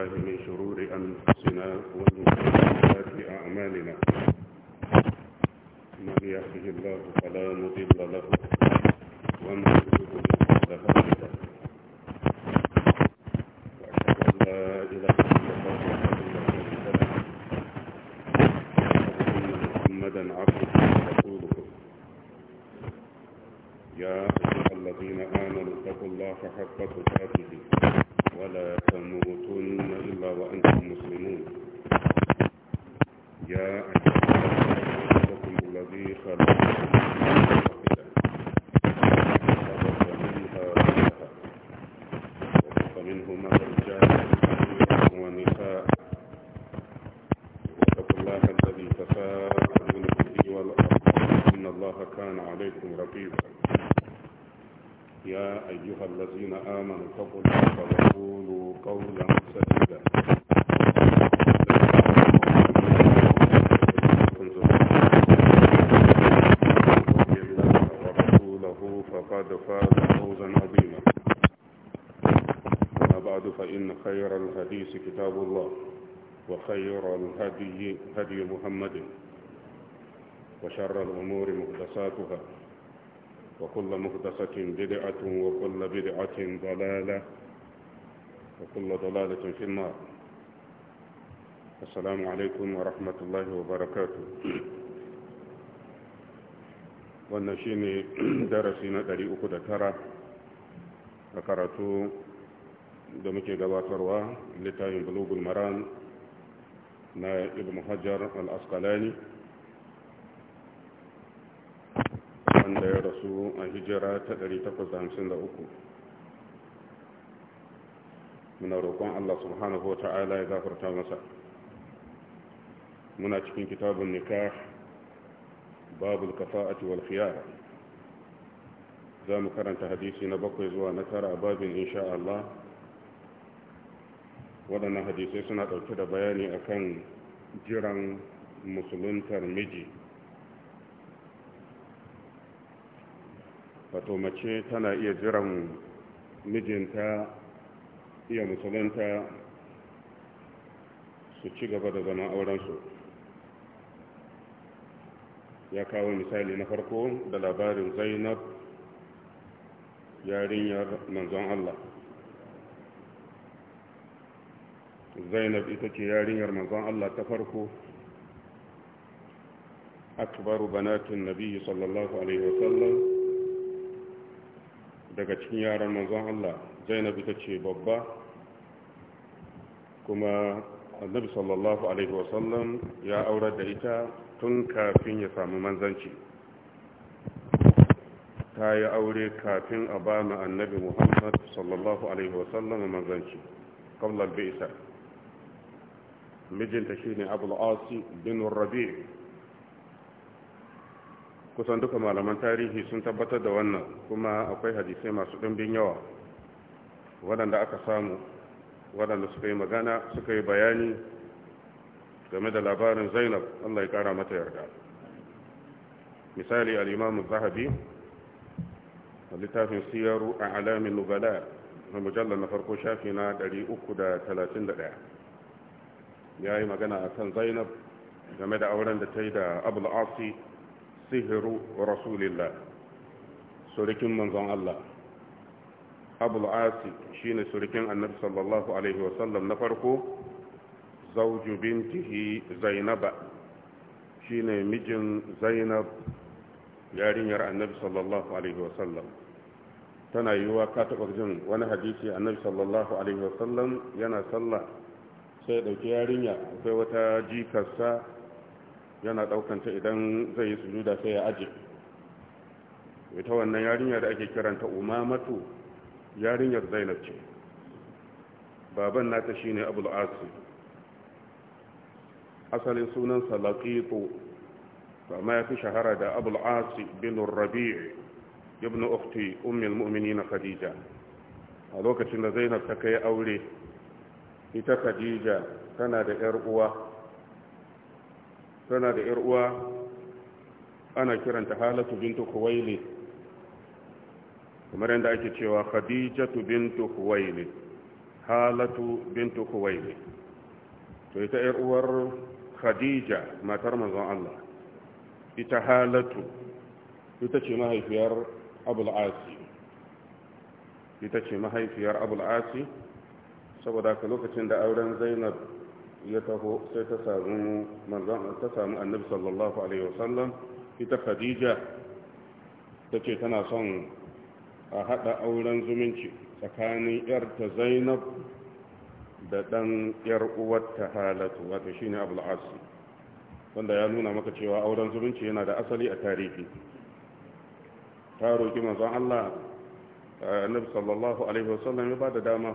بالله من شرور أنفسنا ومن سيئات أعمالنا من يهده الله فلا مضل له وخير الهدي هدي محمد وشر الأمور مهدساتها وكل مهدسة بدعة وكل بدعة ضلالة وكل ضلالة في النار السلام عليكم ورحمة الله وبركاته wannan shi ne darasi na 309 a karatu da muke gabatarwa littafin bulugul maran na ibn hajjar al-asqalani wanda ya rasu a hijira ta 853 muna roƙon Allah subhanahu wa ta'ala ya zafarta masa muna cikin kitabun nikah babu kafa'ati wal khiyar za mu karanta hadisi na bakwai zuwa na tara babin insha Allah waɗannan hadisai suna ɗauke da bayani a kan jiran musuluntar miji wato mace tana iya jiran mijinta iya musulunta su ci gaba da zama aurensu ya kawo misali na farko da labarin zainab yarinyar manzon Allah zainab ita ce yarinyar manzon Allah ta farko akbaru banatin nabiyyi sallallahu alaihi wasallam daga cikin yaran manzon Allah zainab ita ce babba kuma annabi sallallahu alaihi wasallam ya aurar da ita tun kafin ya samu manzanci ta yi aure kafin a ba annabi muhammad sallallahu alaihi wasallam manzanci kawlar bai isa mijinta shine abul asi bin rabi kusan duka malaman tarihi sun tabbatar da wannan kuma akwai hadisai masu ɗimbin yawa waɗanda aka samu waɗanda suka yi magana suka yi bayani game da labarin zainab allah ya ƙara mata yarda misali al'imamun zahabi a littafin siyaru a alamin nubala na mujallar na farko shafi na 331 ya yi magana a kan zainab game da auren da ta yi da abul asi sihiru rasulillah surikin manzon Allah abul shi ne surikin annabi sallallahu alaihi wasallam na farko zauju bintihi zainaba shi ne mijin zainab yarinyar annabi sallallahu alaihi wasallam tana yiwuwa ka taɓa jin wani hadisi annabi sallallahu alaihi wasallam yana sallah sai ya ɗauki yarinya akwai wata jikarsa yana ɗaukanta idan zai yi sujuda sai ya aje ita wannan yarinya da ake kiranta umamatu yarinyar zainab ce baban nata shine abul asi asalin sunan laqitu amma ya fi shahara da abul asi bin rabi' ibn ukhti ummul mu'minin khadija a lokacin da zainab ta kai aure ita khadija tana da yar uwa tana da yar uwa ana kiranta halatu bintu Huwaili. kamar yadda ake cewa khadijatu bintu Huwaili, halatu bintu Huwaili to ita yar uwar khadija matar manzon Allah ita halatu ita ce mahaifiyar abul asi ita ce mahaifiyar abul asi saboda ka lokacin da auren zainab ya taho sai ta samu manzon ta samu annabi sallallahu alaihi wasallam ita khadija tace tana son a haɗa auren zumunci tsakanin yarta zainab da ɗan yar uwarta halatu Wata shine abul wanda ya nuna maka cewa auren zumunci yana da asali a tarihi ta roki manzon Allah annabi sallallahu alaihi wasallam ya da dama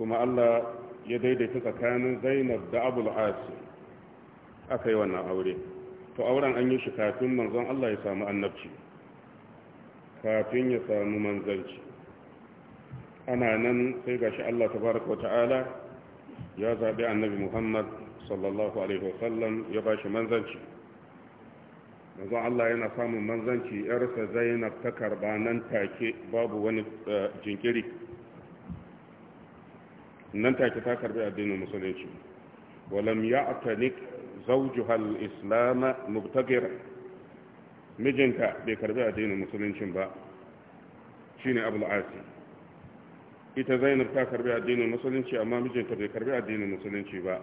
kuma Allah ya daidaita tsakanin Zainab da Abul aka yi wannan aure to auren an yi shi kafin manzon Allah ya samu annabci kafin ya samu manzanci ana nan sai gashi Allah tabaraka ta'ala ya zaɓi annabi Muhammad sallallahu alaihi wasallam ya bashi manzanci manzon Allah yana samun manzanci yarsa Zainab ta karba nan take babu wani eh, jinkiri nan take ta karbi addinin musulunci walam ya'tanik zawjuha al-islam mubtagir mijinta bai karbi addinin musulunci ba shine abul asi ita zainab ta karbi addinin musulunci amma mijinta bai karbi addinin musulunci ba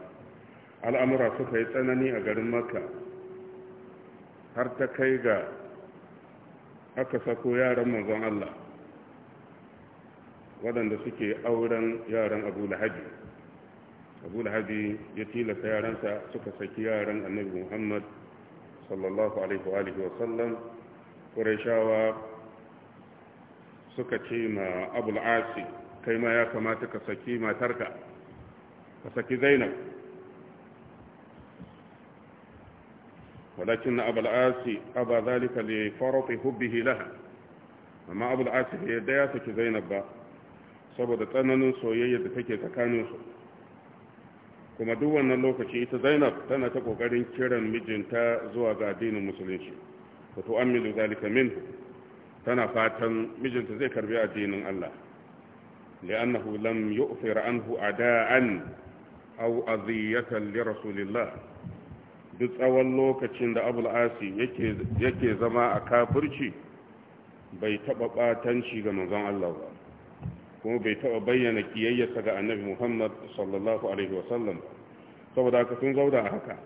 al'amura suka yi tsanani a garin makka har ta kai ga aka sako yaran manzon Allah waɗanda suke auren yaran abu lahabi abu lahabi ya tilasta yaransa suka saki yaran annabi muhammad sallallahu alaihi wa sallam ƙurashawa suka ce ma abu al'asi kai ma ya kamata ka saki matarka ka saki zainab abu ولكن أبا العاصي أبى ذلك لفرط حبه لها أما أبو العاصي هي دياسة Zainab ba. saboda tsananin soyayya da take tsakaninsu kuma duk wannan lokaci ita zainab tana ta kokarin kiran mijinta zuwa ga addinin musulunci wato tu'ammilu zalika minhu tana fatan mijinta zai karbi addinin Allah li'annahu lam yu'fir anhu ada'an aw adhiyatan li rasulillah duk tsawon lokacin da abul asi yake yake zama a kafirci bai taba batanci ga manzon Allah ba kuma bai taɓa bayyana kiyayyarsa ga annabi muhammad sallallahu alaihi wasallam saboda haka sun zauna a haka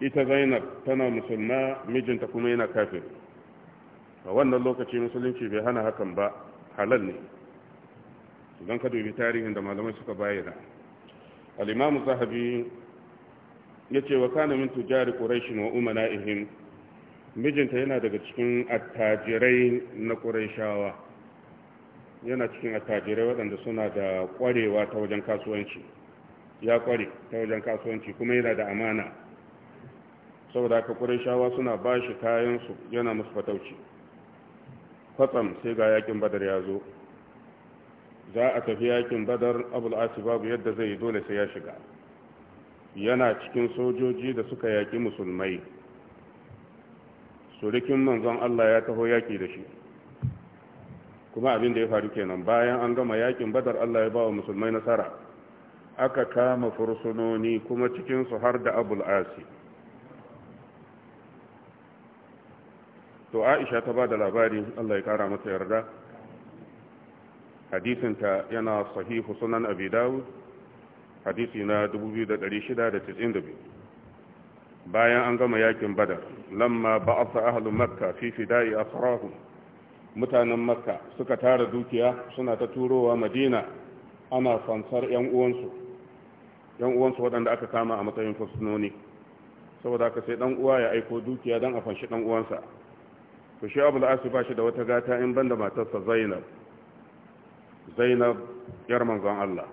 ita zainab tana musulma mijinta kuma yana kafin. a wannan lokaci musulunci bai hana hakan ba halal ne don ka dubi tarihin da malamai suka bayyana al'imamu zahabi ya ce wa kana min tujari ƙurashin wa ihim mijinta yana daga cikin attajirai na ƙurashawa yana cikin attajirai waɗanda suna da ƙwarewa ta wajen kasuwanci ya ƙware ta wajen kasuwanci kuma yana da amana saboda haka ƙurashawa suna ba shi kayansu yana musu fatauci kwatsam sai ga yakin badar ya zo za a tafi yakin badar abul'asi babu yadda zai yi dole sai ya shiga yana cikin sojoji da suka yaki musulmai surikin manzon allah ya taho yaƙi da shi kuma abin da ya faru kenan bayan an gama yakin badar Allah ya ba wa musulmai nasara aka kama fursunoni kuma cikinsu har da abul asi to aisha ta ba da labari Allah ya kara mata yarda hadisinta yana sahihu sunan abi dawud hadisi na 2692 bayan an gama yakin badar lamma ba'atha ahlu makka fi fida'i asrahum mutanen makka suka tara dukiya suna ta turowa madina ana fansar 'yan uwansu waɗanda aka kama a matsayin fursunoni saboda aka sai ɗan uwa ya aiko dukiya don a fanshi ɗan uwansa to shi abu al'asu ba shi da wata gata in banda matarsa zainab zainab yar manzon allah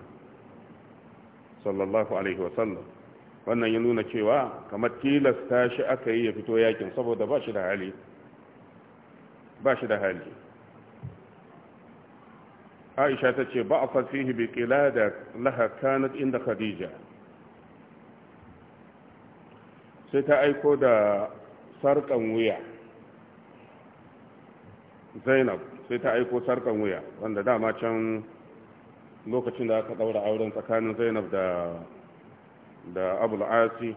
sallallahu alaihi wasallam wannan ya nuna cewa kamar tilasta shi aka yi ya fito yakin saboda ba shi da hali ba shi da hali aisha ta ce ba a fasihi bi ƙila da lahakanat inda khadija sai ta aiko da sarkan wuya zainab sai ta aiko sarƙar wuya wanda dama can lokacin da aka daura auren tsakanin zainab da da abul'asi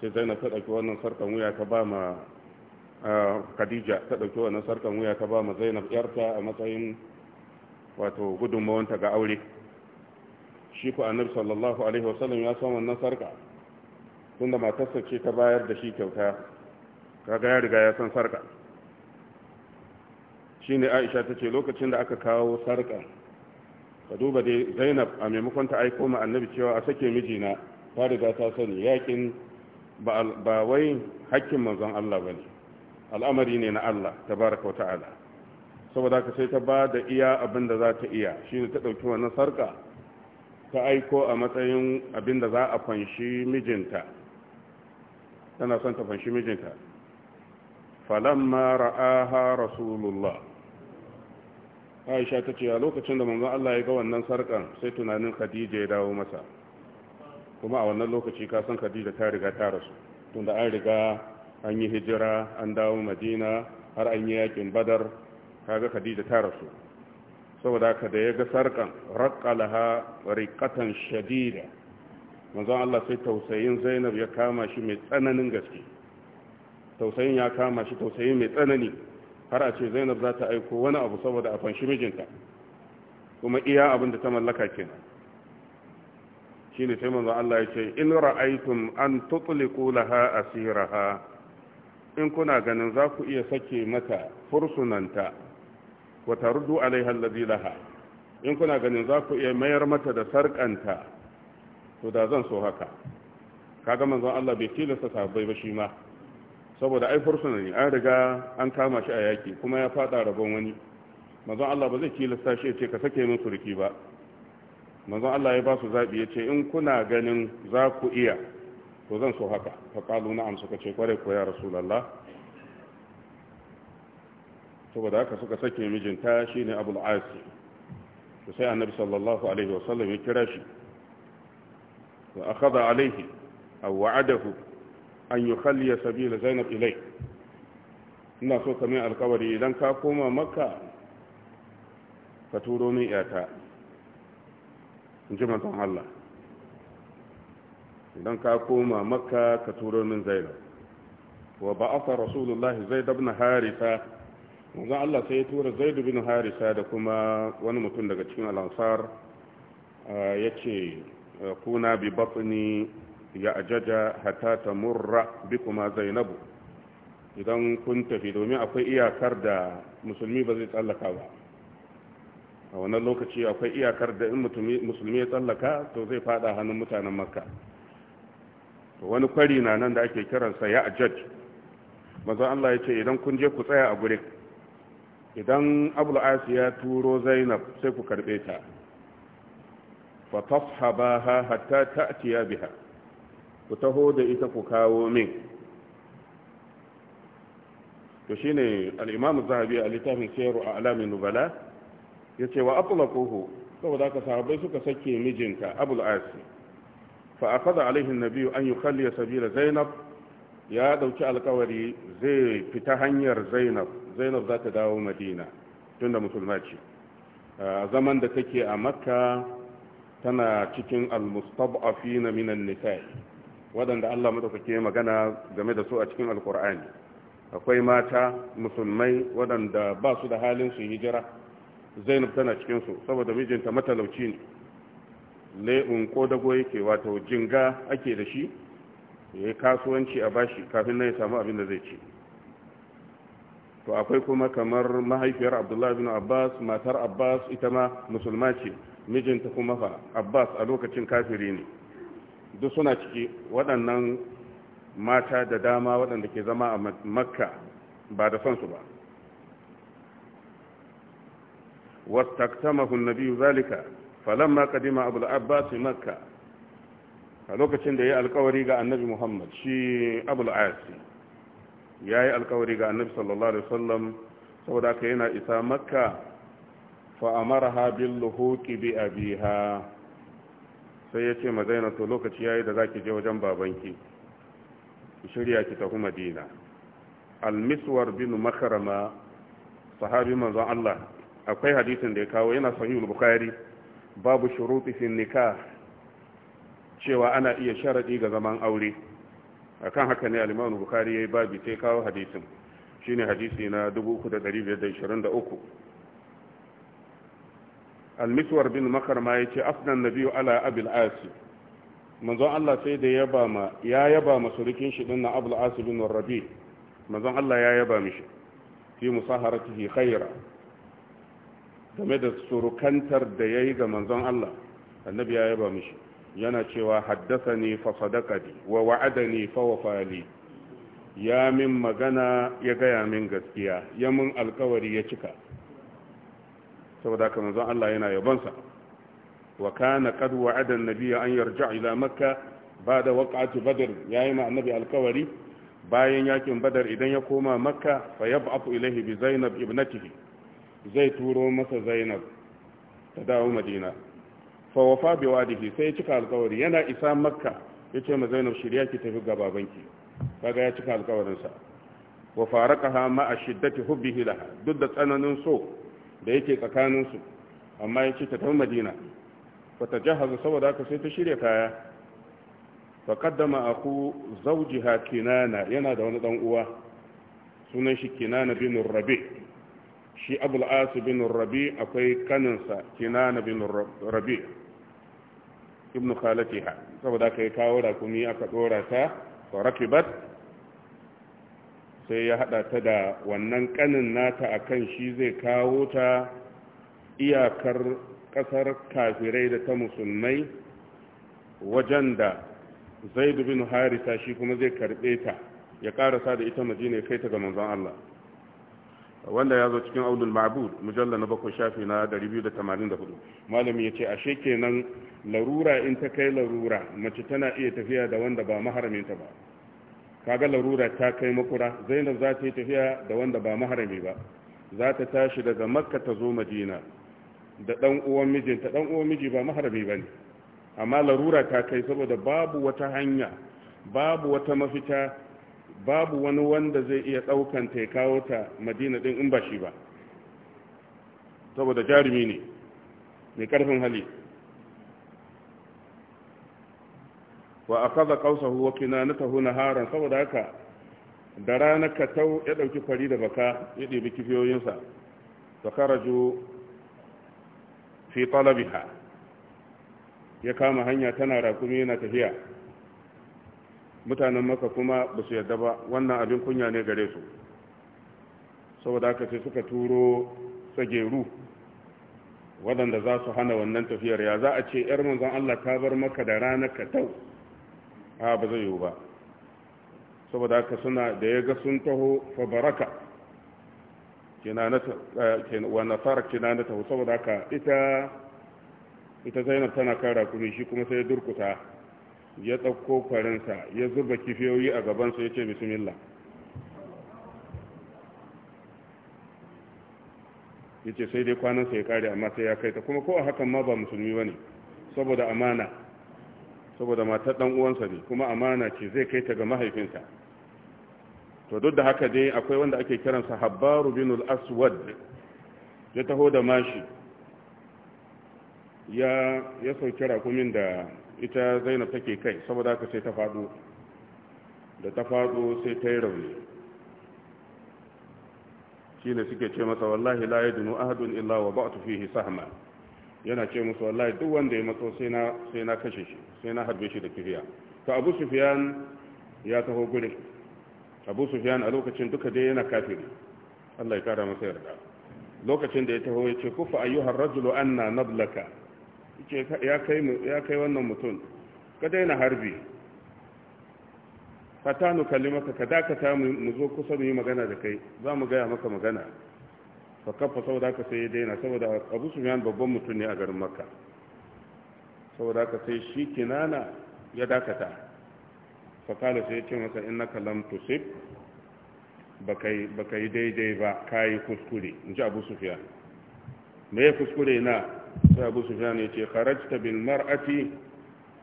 sai zainab ta ɗauki wannan sarkan wuya ta ba ma khadija ta ɗauki wannan sarkan wuya ta ba mu zainab yarta a matsayin wato gudunmawanta ga aure shi ku annabi sallallahu alaihi wasallam ya san wannan sarka tunda matarsa ce ta bayar da shi kyauta kaga ya riga ya san sarka shine aisha ta ce lokacin da aka kawo sarka ka duba dai zainab a maimakon ta aiko ma annabi cewa a sake mijina ta riga ta sani yakin ba wai hakkin manzon Allah bane al'amari ne na Allah tabaraka wata'ala saboda ka sai ta ba da iya abin da za ta iya shine ta ɗauki wannan sarka ta aiko a matsayin abin da za a fanshi mijinta tana son ta fanshi mijinta falamma ra'aha rasulullah aisha ta ce a lokacin da manzon Allah ya ga wannan sarkan sai tunanin khadija ya dawo masa kuma a wannan lokaci ka san khadija ta riga ta rasu tunda an riga an yi hijira an dawo madina har an yi yakin badar kaga khadija ta rasu saboda haka da ya ga sarkan raƙalaha riƙatan shadida manzon Allah sai tausayin Zainab ya kama shi mai tsananin gaske tausayin ya kama shi tausayi mai tsanani har a ce Zainab za ta aiko wani abu saboda a fanshi mijinta kuma iya abin da ta mallaka kenan shine sai manzon Allah ya ce in ra'aytum an tutliqu laha asiraha in kuna ganin za ku iya sake mata fursunanta wa taruddu alaiha allazi laha in kuna ganin za ku iya mayar mata da sarkanta to da zan so haka kaga manzon Allah bai tilasta sahabbai ba shi ma saboda ai fursuna ne an riga an kama shi a yaki kuma ya fada rabon wani manzon Allah ba zai tilasta shi ya ce ka sake min surki ba manzon Allah ya ba su zabi ya ce in kuna ganin za ku iya to zan so haka ta qalu na'am suka ce kware ko ya rasulullah saboda haka suka sake mijinta ne abul asi to sai annabi sallallahu alaihi wasallam ya kira shi wa akhadha alaihi aw wa'adahu an yukhalliya sabila zainab ilai ina so kamar alkawari idan ka koma makka ka turo min yata in ji Allah idan ka koma makka ka turo min zainab wa ba'atha rasulullahi zaid ibn harisa manzon Allah sai ya tura zaid ibn harisa da kuma wani mutum daga cikin al-ansar yace kuna bi batni ya ajaja hatta tamurra bikuma zainabu idan kun tafi domin akwai iyakar da musulmi ba zai tsallaka ba a wannan lokaci akwai iyakar da in musulmi ya tsallaka to zai fada hannun mutanen makka to wani kwari na nan da ake kiransa ya ajaj maza Allah ya ce idan kun je ku tsaya a gurin idan abul ya turo zainab sai ku karbe ta fa ha hatta ta'tiya biha ku taho da ita ku kawo min to shine al-imam zahabi a littafin sayru a Bala nubala yace wa atlaquhu saboda ka sahabbai suka sake mijinka abul asi fa akaza alaihi nabi an yukhalli sabila zainab ya dauki alkawari zai fita hanyar zainab zainab za ta dawo madina tunda musulma ce a zaman da take a makka tana cikin almustab'afina minan nisa'i waɗanda Allah madaukake magana game da su a cikin alkur'ani akwai mata musulmai waɗanda ba su da halin su hijira zainab tana cikin su saboda mijinta matalauci ne ko dago yake wato jinga ake da shi ya kasuwanci a bashi kafin na ya samu abin da zai ci to akwai kuma kamar mahaifiyar abdullahi bin abbas matar abbas ita ma musulma ce mijinta kuma fa abbas a lokacin kafiri ne duk suna ciki waɗannan mata da dama waɗanda ke zama a makka ba da son su ba wasu taktamahu nabi zalika falamma kadima abul abbas makka a lokacin da ya yi alkawari ga annabi muhammad shi abul asi ya yi alkawari ga annabi sallallahu alaihi wasallam saboda ka yana isa makka Fa fa'amaraha bil luhuqi bi abiha sai ya ce mazaina to lokaci yayi da zaki je wajen babanki ki shirya ki tafi madina al-miswar bin makarama sahabi manzon Allah akwai hadisin da ya kawo yana sahihul bukhari babu shuruti fi nikah cewa ana iya sharadi ga zaman aure akan haka ne al-Imam Bukhari yayi babu sai kawo hadisin shine hadisi na 3523 al-Miswar bin Makar ma yace afdan nabiyyu ala abil asi manzon Allah sai da yaba ma ya yaba masurukin shi din na abul asi bin rabi manzon Allah ya yaba mishi fi musaharatihi khaira game da surukantar da ya yi ga manzon Allah annabi ya yaba mishi yana cewa haddasa ne fa sadakadi wa wa'ada ne fa wafali ya min magana ya gaya min gaskiya ya min alkawari ya cika saboda ka manzon Allah yana yabansa wa kana qad wa'ada an-nabiy an yarja ila makka ba'da waqa'ati badr yayi ma annabi alkawari bayan yakin badar idan ya koma makka fa yab'athu ilayhi bi zainab ibnatihi zai turo masa zainab ta dawo madina fawafa bi wadihi sai cika alkawari yana isa makka ya ce ma zainab shirya ki tafi ga babanki kaga ya cika alkawarinsa wa faraqaha ma ashiddati hubbihi laha duk da tsananin so da yake tsakaninsu amma ya ce ta tafi madina fa tajahaza saboda haka sai ta shirya kaya fa qaddama aku zawjiha kinana yana da wani dan uwa sunan shi kinana bin rabi' shi abul asu bin rabi akwai kaninsa kinana bin rabi ibn khalatiha saboda kai kawo kuma aka dora ta wa rakibat sai ya hada ta da wannan kanin nata akan shi zai kawo ta iyakar kasar kafirai da ta musulmai wajen da zaidu bin harisa shi kuma zai karbe ta ya karasa da ita madina ya kai ta ga manzon Allah wanda ya zo cikin aulul ma'bud mujalla na bakwai shafi na 284 malami ya ce ashe kenan larura in ta kai larura mace tana iya tafiya da wanda ba ta ba kaga larura ta kai makura zainab za ta yi tafiya da wanda ba maharami ba za ta tashi daga makka ta zo madina da dan uwan mijinta dan uwan miji ba maharami ba ne amma larura ta kai saboda babu wata hanya babu wata mafita babu wani wanda zai iya ɗaukan ta ya kawo ta madina din in ba shi ba saboda jarumi ne mai ƙarfin hali wa a kaza ƙausa huwa na taho na haran saboda haka da rana katau ya ɗauki fari da baka ya ɗebi kifiyoyinsa ta karaju fi talabiha ya kama hanya tana rakumi yana tafiya mutanen maka kuma ba su yarda ba wannan abin kunya ne gare su saboda haka sai suka turo tsageru waɗanda za su hana wannan tafiyar ya za a ce ‘yar manzan Allah ka bar maka da rana ka tau a ba zai yiwu ba saboda haka suna da ya ga sun taho fa eh, wa nasara kina na taho saboda haka ita zainab tana kara kuma shi kuma sai ya durkuta ya ɗauko farinsa ya zuba kifiyoyi a gabansu ya ce bismillah ya ce sai dai kwanansa ya kare amma sai ya kai ta kuma ko a hakan ma ba musulmi ba ne saboda amana saboda matar ɗan uwansa ne kuma amana ce zai kai ta ga mahaifinsa to duk da haka dai akwai wanda ake kiransa habbaru binul aswad ya taho da mashi ya sauki rakumin da ita zainab take kai saboda haka sai ta faɗo da ta faɗo sai ta yi rauni shi ne suke ce masa wallahi la ya dunu ahadun illa wa ba'atu fihi sahma yana ce musu wallahi duk wanda ya matso sai na sai na kashe shi sai na harbe shi da kifiya to Abu Sufyan ya taho gure Abu Sufyan a lokacin duka dai yana kafiri Allah ya kara masa yarda lokacin da ya taho ya ce kufa ayyuhar rajulu anna nablaka ya kai wannan mutum ka daina harbi fata nu kalli maka ka dakata mu zo kusa mu yi magana da kai za mu gaya maka magana fa kafa saboda haka sai ya daina saboda abu sufiyan babban mutum ne a garin makka saboda haka sai shi kinana ya dakata fa kala sai ya ce masa innaka lam tusib ka yi daidai ba ka yi kuskure in ji abu sufiyan me ya kuskure na sai abu su jane ce kharajta bil mar'ati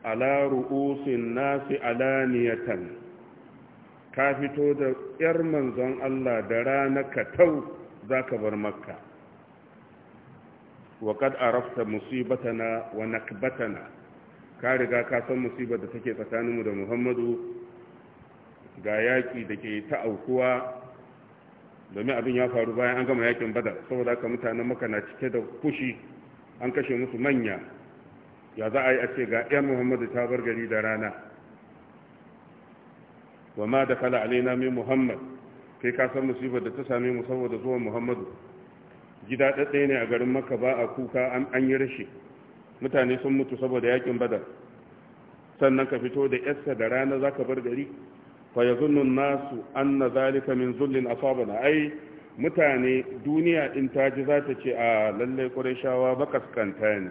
ala ru'usin nasi alaniyatan ka fito da yar manzon Allah da rana ka tau zaka bar makka wa kad arafta musibatana wa nakbatana ka riga ka san musibar da take tsakaninmu da Muhammadu ga yaki da ke ta aukuwa domin abin ya faru bayan an gama yakin bada saboda haka mutanen maka na cike da kushi. an kashe musu manya ya za a yi a ce ga 'yan muhammadu ta bar gari da rana wa ma da kala alaina min muhammad kai ka san musibar da ta same mu saboda zuwan muhammadu gida ɗaɗɗe ne a garin maka ba a kuka an yi rashi mutane sun mutu saboda yakin badar sannan ka fito da 'yasta da rana za ka bar gari fa zunun nasu anna zalika min zullin asabana ai mutane duniya in ta ji za ta ce a lallai ƙurashawa kaskanta ne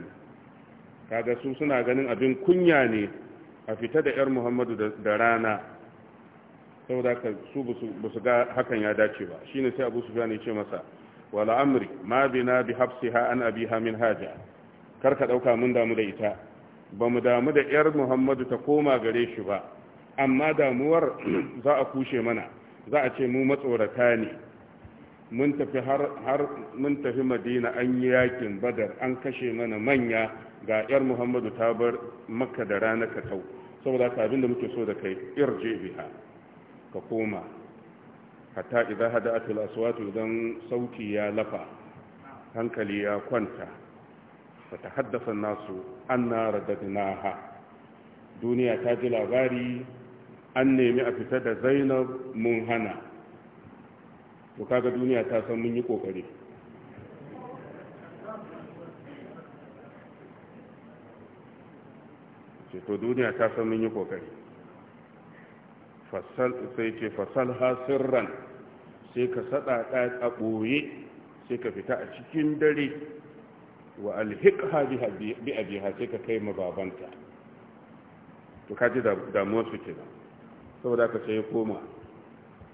kaga su suna ganin abin kunya ne a fita da 'yar muhammadu da rana saboda ka su ba su ga hakan ya dace ba Shi ne sai abu fiya ne ce masa wala amri ma na bi Hafsi ha an abiha min haja kar ka dauka mun damu da ita ba mu damu da yar muhammadu ta koma gare shi ba amma damuwar za a kushe mana za a ce mu matsorata ne mun tafi har mun tafi madina an yi yakin badar an kashe mana manya ga yar muhammadu ta bar makka da rana ka tau saboda ka abinda muke so da kai irje biha ka koma hatta idan hada a aswatu idan sauti ya lafa hankali ya kwanta fa haddasa nasu anna radadnaha duniya ta ji labari an nemi a fita da zainab mun hana to kaga duniya ta san mun yi kokari ce to duniya ta san mun yi kokari sai ce fasal hasirran sai ka saɗaɗa a ɓoye sai ka fita a cikin dare wa alhikha bi abiha sai ka kai mababanta to kaji damuwar su kenan saboda ka sai koma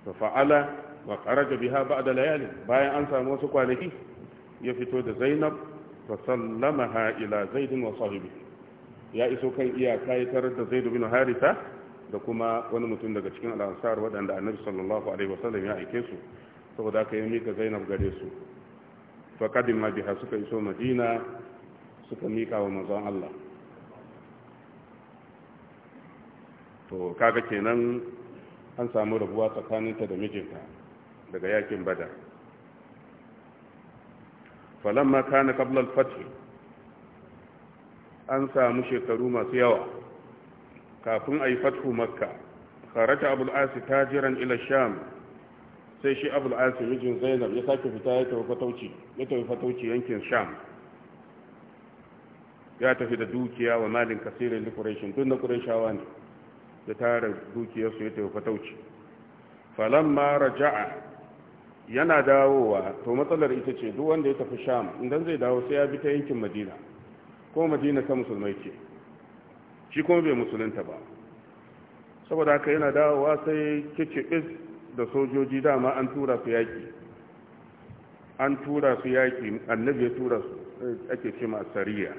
fa fa'ala wa kharaja biha ba'da layali bayan an samu wasu kwanaki ya fito da Zainab fa sallamaha ila Zaid wa sahibi ya iso kan iya kayatar da Zaid bin Haritha da kuma wani mutum daga cikin al'ansar waɗanda annabi sallallahu alaihi wasallam ya aike su saboda aka yi mika Zainab gare su fa kadima biha suka iso Madina suka mika wa manzon Allah to kaga kenan an samu rabuwa tsakaninta da mijinta daga yakin badar falamma kana qabla al-fath an samu shekaru masu yawa kafin ayi fathu makka kharaja abul as tajiran ila sham sai shi abul as mijin zainab ya sake fita ya tafi fatauci ya tafi fatauci yankin sham ya tafi da dukiya wa malin kasirin liquration tun da qurayshawa ne ya tara dukiyarsu ya tafi fatauci falamma raja'a yana dawowa to matsalar ita ce duk wanda ya tafi sham idan zai dawo sai ya bi ta yankin madina ko madina ta musulmai ce shi kuma bai musulunta ba saboda haka yana dawowa sai is da sojoji dama an tura su yaki an tura su yaki annabi ya tura su ake ce sariya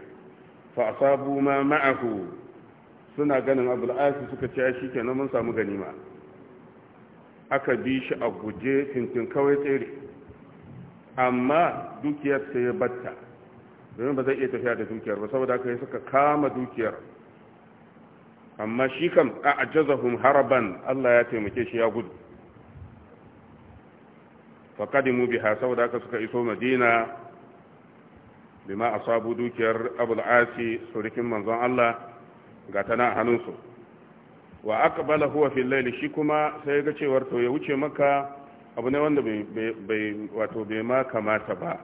fa asabu ma ma'ahu suna ganin abul asi suka ce shi kenan mun samu ganima aka bi shi a guje fintin kawai tsere amma dukiyar sai ya batta domin ba zai iya tafiya da dukiyar ba saboda aka yi suka kama dukiyar amma shi kam a ajazahum haraban Allah ya taimake shi ya gudu faƙadimu ha saboda aka suka iso madina bima sabu dukiyar abul asi surikin manzon Allah ga tana hannunsu wa aqbala huwa fil layl shi kuma sai ga cewar to ya wuce maka abu ne wanda bai wato bai ma kamata ba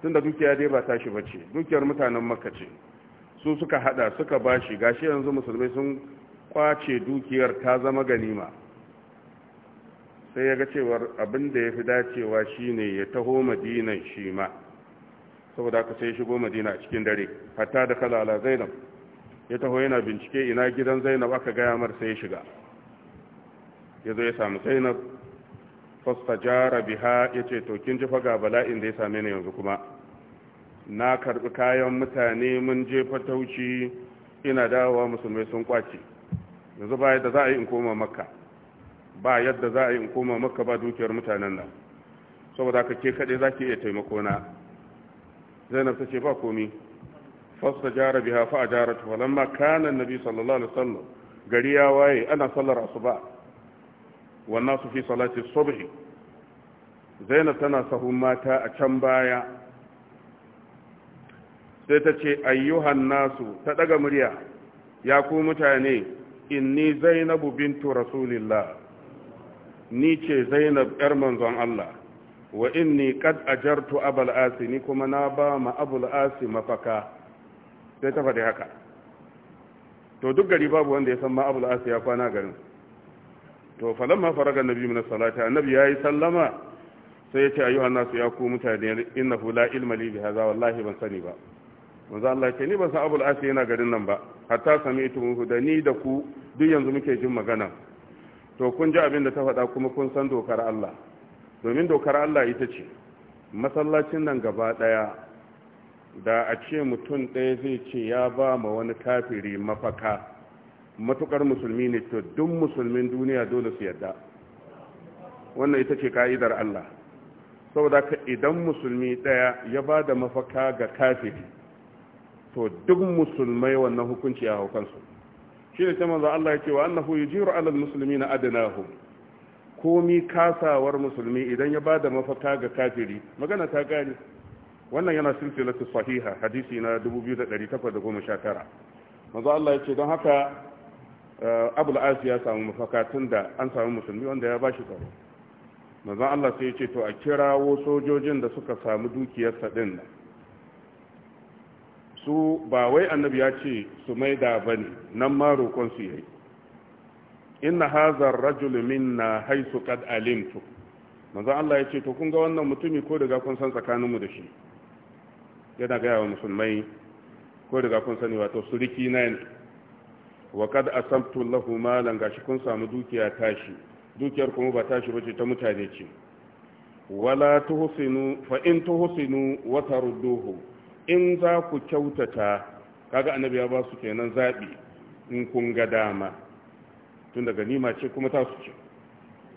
tunda dukiya dai ba ta tashi bace dukiyar mutanen makka ce su suka hada suka bashi gashi yanzu musulmai sun kwace dukiyar ta zama ganima sai ya ga cewar abin da ya fi dacewa shine ya taho madinan shi ma saboda aka sai shigo madina a cikin dare hatta da kala ala zainab ya taho yana bincike ina gidan zainab aka gaya mar sai ya shiga ya zo ya samu zainab jara biha ya ce to kin ji faga bala'in da ya same ni yanzu kuma na karbi kayan mutane mun je fatauci ina dawowa musulmai sun kwace yanzu ba yadda za a yi in koma makka ba yadda za a yi in koma makka ba dukiyar mutanen nan saboda ka ke kaɗai za iya taimako na zainab ta ce ba komi fastajara biha fa ajaratu falamma kana annabi sallallahu alaihi wasallam gari ya waye ana sallar asuba wan nasu fi salati subhi zainab tana sahun mata a can baya sai ta ce ayyuhan ta daga murya ya ku mutane inni zainabu bintu rasulillah ni ce zainab yar manzon Allah wa inni qad ajartu abul asi ni kuma na ba ma abul mafaka sai ta faɗi haka to duk gari babu wanda ya san ma abu as ya kwana garin to falamma faraga nabi min salata annabi yayi sallama sai yace ayyuha nasu ya ku mutane hu la ilma li bihaza wallahi ban sani ba manzo Allah ce ni ban san abu as yana garin nan ba hatta sami'tu da ni da ku duk yanzu muke jin magana to kun ji abin da ta faɗa kuma kun san dokar Allah domin dokar Allah ita ce masallacin nan gaba ɗaya da a ce mutum ɗaya zai ce ya ba ma wani kafiri mafaka matukar musulmi ne to duk musulmin duniya dole su yadda wannan ita ce ka'idar Allah saboda ka idan musulmi ɗaya ya ba da mafaka ga kafiri to duk musulmai wannan hukunci a haukansu shi ne ta manzo Allah ya ce wa annahu yujiru alal adana adnahu komi kasawar musulmi idan ya ba da mafaka ga kafiri magana ta gani. wannan yana silsilatu sahiha hadisi na 2819 manzo Allah ya ce don haka eh, abul asi ya samu mafaka da an samu musulmi wanda ya bashi tsaro manzo Allah sai ya ce to a kirawo sojojin da suka samu dukiyar sa din su ba wai annabi ya ce su maida bane nan ma roƙon su yayi inna hadha ar-rajul minna haythu qad Allah ya ce to kun ga wannan mutumi ko daga kun san tsakaninmu da shi yana gaya wa musulmai ko daga kun sani wato suriki na yin wa kad asabtu lahu malan gashi kun samu dukiya tashi dukiyar kuma ba tashi bace ta mutane ce wala tuhsinu fa in tuhsinu wa tarudduhu in za ku kyautata kaga annabi ya ba su kenan zabi in kun ga dama tun daga nima ce kuma ta su ce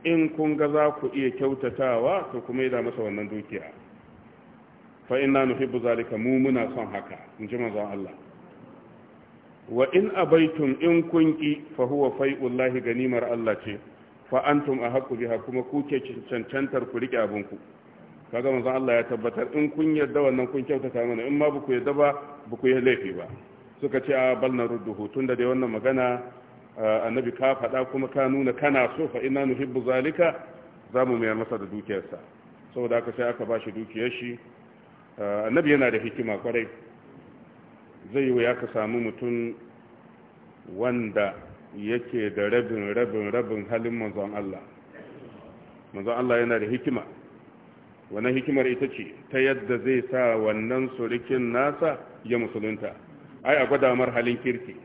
in kun ga za ku iya kyautatawa to kuma ya da masa wannan dukiya fa inna nuhibbu zalika mu muna son haka in ji manzon Allah wa in abaitum in kun ki fa huwa fai'ullahi ganimar Allah ce fa antum ahqqu biha kuma ku ke cancantar ku rike abun ku kaga manzon Allah ya tabbatar in kun yarda wannan kun kyautata mana in ma buku yarda ba buku ku yi laifi ba suka ce a bal na rudduhu tunda dai wannan magana eh, annabi ka faɗa kuma ka nuna kana so fa inna nuhibbu zalika zamu mayar masa da dukiyarsa saboda haka sai aka bashi dukiyar shi Eh, annabi yana da hikima kwarai zai wuya ka samu mutum wanda yake da rabin rabin rabin halin manzon Allah manzon Allah yana da hikima wannan hikimar ita ce ta yadda zai sa wannan surikin nasa ya musulunta ai a gwada mar halin kirki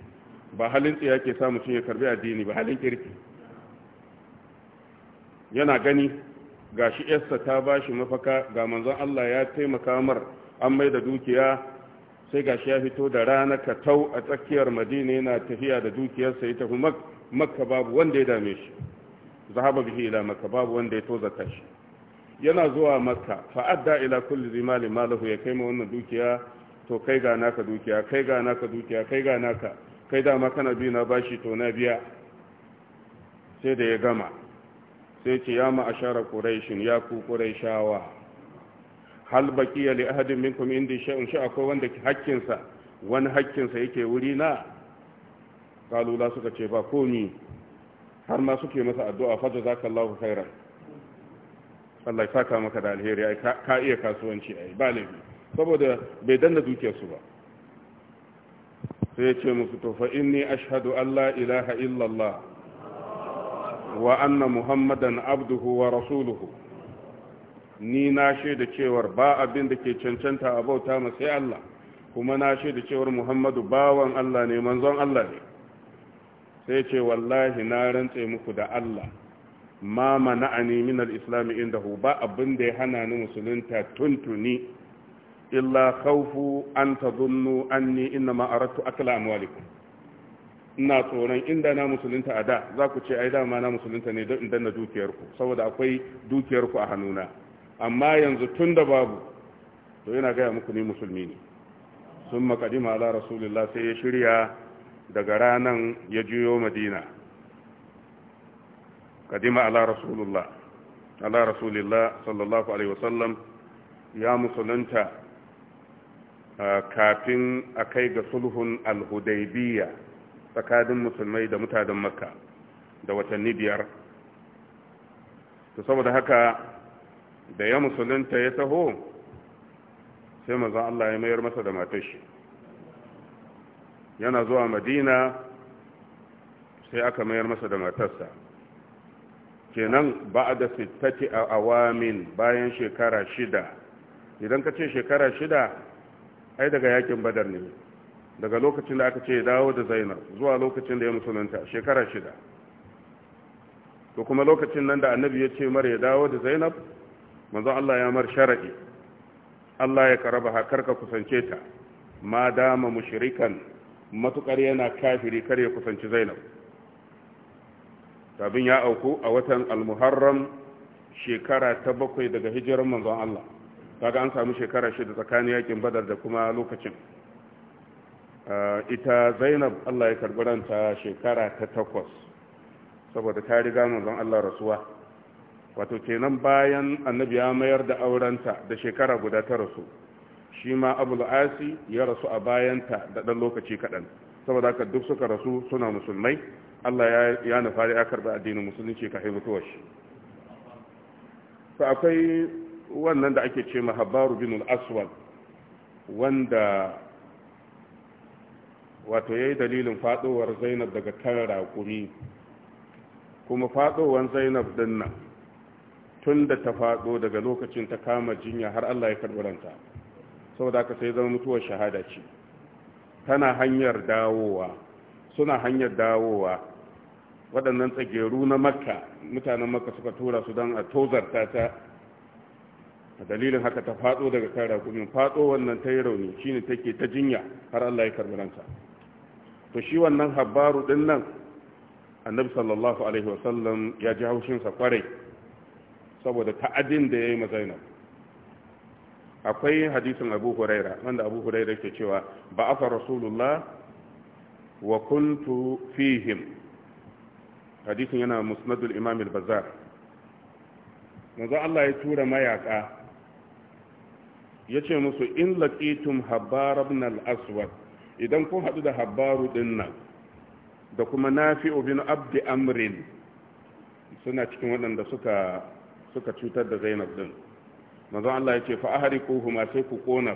ba halin tsiya ke sa mutum ya karbi addini ba halin kirki yana gani ga shi yarsa ta ba shi mafaka ga manzon Allah ya taimaka mar an mai da dukiya sai ga shi ya fito da rana ka tau a tsakiyar madina yana tafiya da dukiyarsa ya kuma makka babu wanda ya dame shi zahaba bihi ila makka babu wanda ya toza kashi. yana zuwa makka fa adda ila kulli zimali malahu ya kai ma wannan dukiya to kai ga naka dukiya kai ga naka dukiya kai ga naka kai da ma kana bi na bashi to na biya sai da ya gama sai ce ya ma'ashara quraishin ya ku quraishawa hal a li ahadin minkum indi sha'un sha akwai wanda hakkinsa wani hakkinsa yake wuri na kalula suka ce ba komi har ma suke masa addu'a ka lafi khairan Allah ya saka maka da alheri ai ka iya kasuwanci ai ba laifi saboda bai danna su ba sai ya ce musu to fa inni ashhadu an la ilaha illallah wa anna muhammadan abduhu wa rasuluhu ni na shaida cewar ba abin da ke cancanta a bauta ma sai Allah kuma na shaida cewar muhammadu bawan Allah ne manzon Allah ne sai ce wallahi na rantse muku da Allah ma mana'ani min al-islam indahu ba abin da ya hana ni musulunta tuntuni illa khawfu an tadhunnu anni inma aradtu akla amwalikum ina tsoron inda na musulunta a da za ku ce ai dama na musulunta ne don danna dukiyarku saboda akwai dukiyarku a hannuna amma yanzu tun da babu to yana gaya muku ni musulmi ne sun makadima ala rasulullah sai ya shirya daga ranan ya juyo madina kadima ala rasulullah ala rasulullah sallallahu alaihi wasallam ya musulunta ah, kafin a kai ga sulhun al-hudaybiyah tsakanin musulmai da mutanen makka da watanni biyar to saboda haka da ya musulunta ya taho sai mazan Allah ya mayar masa da matashi yana zuwa madina sai aka mayar masa da matarsa kenan ba a da sittati a awamin bayan shekara shida idan ka ce shekara shida ai daga yakin badar ne daga lokacin da aka ce ya dawo da zainab zuwa lokacin da ya musulunta shekara shida to kuma lokacin nan da annabi ya ce mara ya dawo da zainab manzon Allah ya mar sharaɗi Allah ya karaba hakar ka kusance ta ma dama mushrikan matukar yana kafiri kar ya kusanci zainab tabin ya auku a watan al-muharram shekara ta bakwai daga hijiran manzon Allah kaga an samu shekara shida tsakanin yakin badar da kuma lokacin Eh, ita zainab allah ya karbi ranta shekara ta takwas saboda ta riga manzon allah rasuwa wato kenan bayan annabi ya mayar da aurenta da shekara guda ta rasu shi ma abul asi ya rasu a bayanta da ɗan lokaci kaɗan saboda haka duk suka rasu suna musulmai allah ya nufa ya karbi addinin musulunci kai mutuwar shi to akwai wannan da ake ce habaru bin aswad wanda wato ya yi dalilin faɗowar zainab daga kan raƙumi kuma faɗowar zainab din nan tun da ta faɗo daga lokacin ta kama jinya har allah ya karɓaranta saboda aka sai zama mutuwar shahada ce tana hanyar dawowa suna hanyar dawowa waɗannan tsageru na makka mutanen makka suka tura su don a tozarta ta a dalilin haka ta faɗo daga kan raƙumin faɗo wannan ta yi rauni shine take ta jinya har allah ya karɓaranta to shi wannan habbaru din nan annabi sallallahu alaihi wasallam ya ji haushinsa kwarai saboda ta'adin da ya yi mazainab akwai hadisin abu huraira wanda abu huraira ke cewa ba aka rasulullah wa kuntu fihim hadisin yana musnadul imam al-bazar manzo Allah ya tura mayaka ce musu in laqitum habbar ibn al-aswad idan kun haɗu da habaru ɗin nan da kuma fi obin abdi amrin suna cikin waɗanda suka cutar da zainab ɗin mazan Allah ya ce fa ahari ma sai ku kona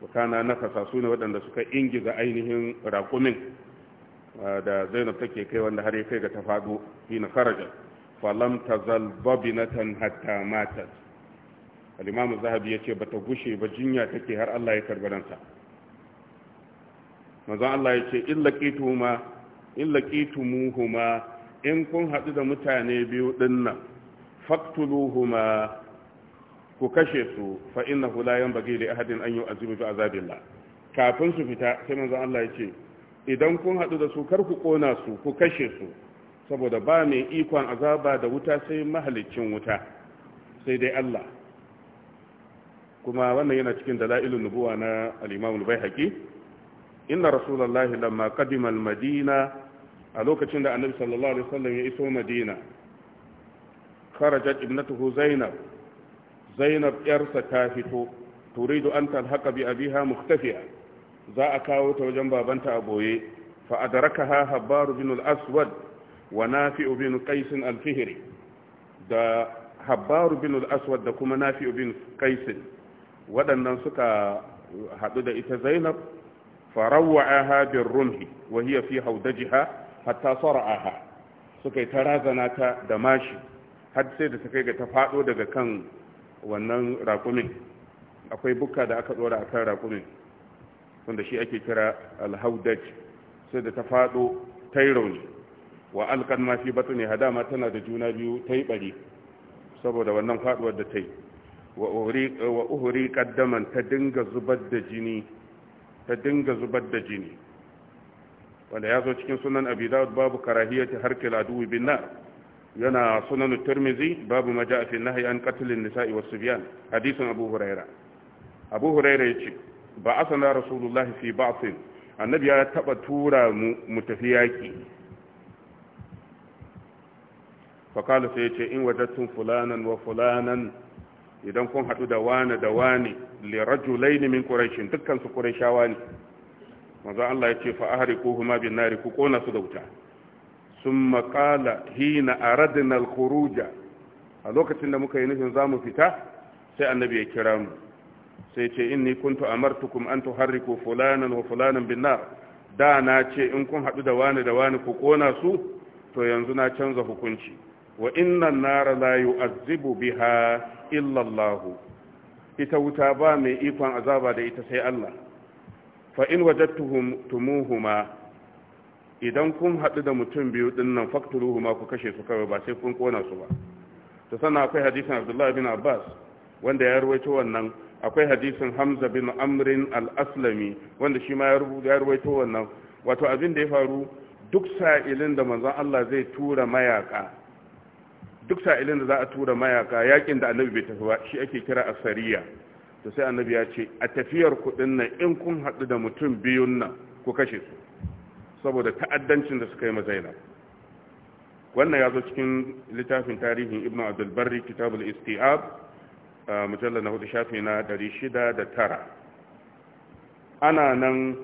su kana nakasa su ne waɗanda suka ingiza ainihin raƙumin da zainab take kai wanda har ya kai ga ta faɗo fi na farajar falam ta zalbabinatan hatta matat al-imamu zahabi ba ta gushe ba jinya take har Allah ya karba ransa manzon Allah yace in laqituma in in kun haɗu da mutane biyu dinnan faktuluhuma ku kashe su fa innahu la yanbaghi li ahadin an yu'azibu bi azabillah kafin su fita sai manzon Allah ya ce idan kun haɗu da su kar ku kona su ku kashe su saboda ba mai ikon azaba da wuta sai mahalicin wuta sai dai Allah kuma wannan yana cikin dalailun nubuwa na al-Imam al-Baihaqi inna rasulullahi lamma qadima al-Madina a lokacin da Annabi sallallahu alaihi wasallam ya iso Madina kharajat ibnatuhu Zainab Zainab yarsa ta fito turidu an talhaqa bi abiha mukhtafiya za a kawo ta wajen babanta a boye fa adrakaha Habbar bin al-Aswad wa Nafi' bin Qais al-Fihri da Habbar bin al-Aswad da kuma Nafi' bin Qais waɗannan suka haɗu da ita zainab farawa'aha bin rumhi wa hiya fi haudajiha hatta sara'aha suka yi ta razana ta da mashi har sai da ta kai ga ta faɗo daga kan wannan raƙumin akwai bukka da aka ɗora akan raƙumin wanda shi ake kira alhaudaj sai da ta faɗo ta yi rauni wa alkan ma fi batuni hadama tana da juna biyu ta yi ɓari saboda wannan faɗuwar da ta yi wa uhuri kaddaman ta dinga zubar da jini ta dinga zubar da jini wanda ya zo cikin sunan abi dawud babu karahiyati harkil aduwi bin nar yana sunan tirmizi babu maja'a fi nahyi an qatlin nisa'i was subyan hadisin abu huraira abu huraira yace ba asana rasulullah fi ba'sin annabi ya taba tura mu mu tafi yaki fa qala sai yace in wajadtum fulanan wa fulanan idan kun haɗu da wani da wani lirajulaini min quraishin dukkan su ne manzo Allah ya ce fa ahriquhuma bin nari ku kona su da wuta summa qala hina aradna al khuruja a lokacin da muka yi nufin zamu fita sai annabi ya kira mu sai ce inni kuntu amartukum an tuharriku fulanan wa fulanan bin nar da na ce in kun haɗu da wani da wani ku kona su to yanzu na canza hukunci wa inna nara la yu'azzibu biha illa Allah ita wuta ba mai ikon azaba da ita sai Allah fa in wajadtuhum tumuhuma idan kun haɗu da mutum biyu dinnan fakturuhuma ku kashe su kawai ba sai kun kona su ba to sannan akwai hadisin Abdullah bin Abbas wanda ya rawaito wannan akwai hadisin Hamza bin Amrin al-Aslami wanda shi ma ya rawaito wannan wato abin da ya faru duk sa'ilin da manzon Allah zai tura mayaka duk sa'ilin da za a tura mayaka yakin da annabi bai tafi ba shi ake kira asariya to sai annabi ya ce a tafiyar kudin nan in kun haɗu da mutum biyun nan ku kashe su saboda ta'addancin da suka yi mazaina wannan ya zo cikin littafin tarihin ibn abdulbarri kitabul istiab mujallar na hudu shafi na tara ana nan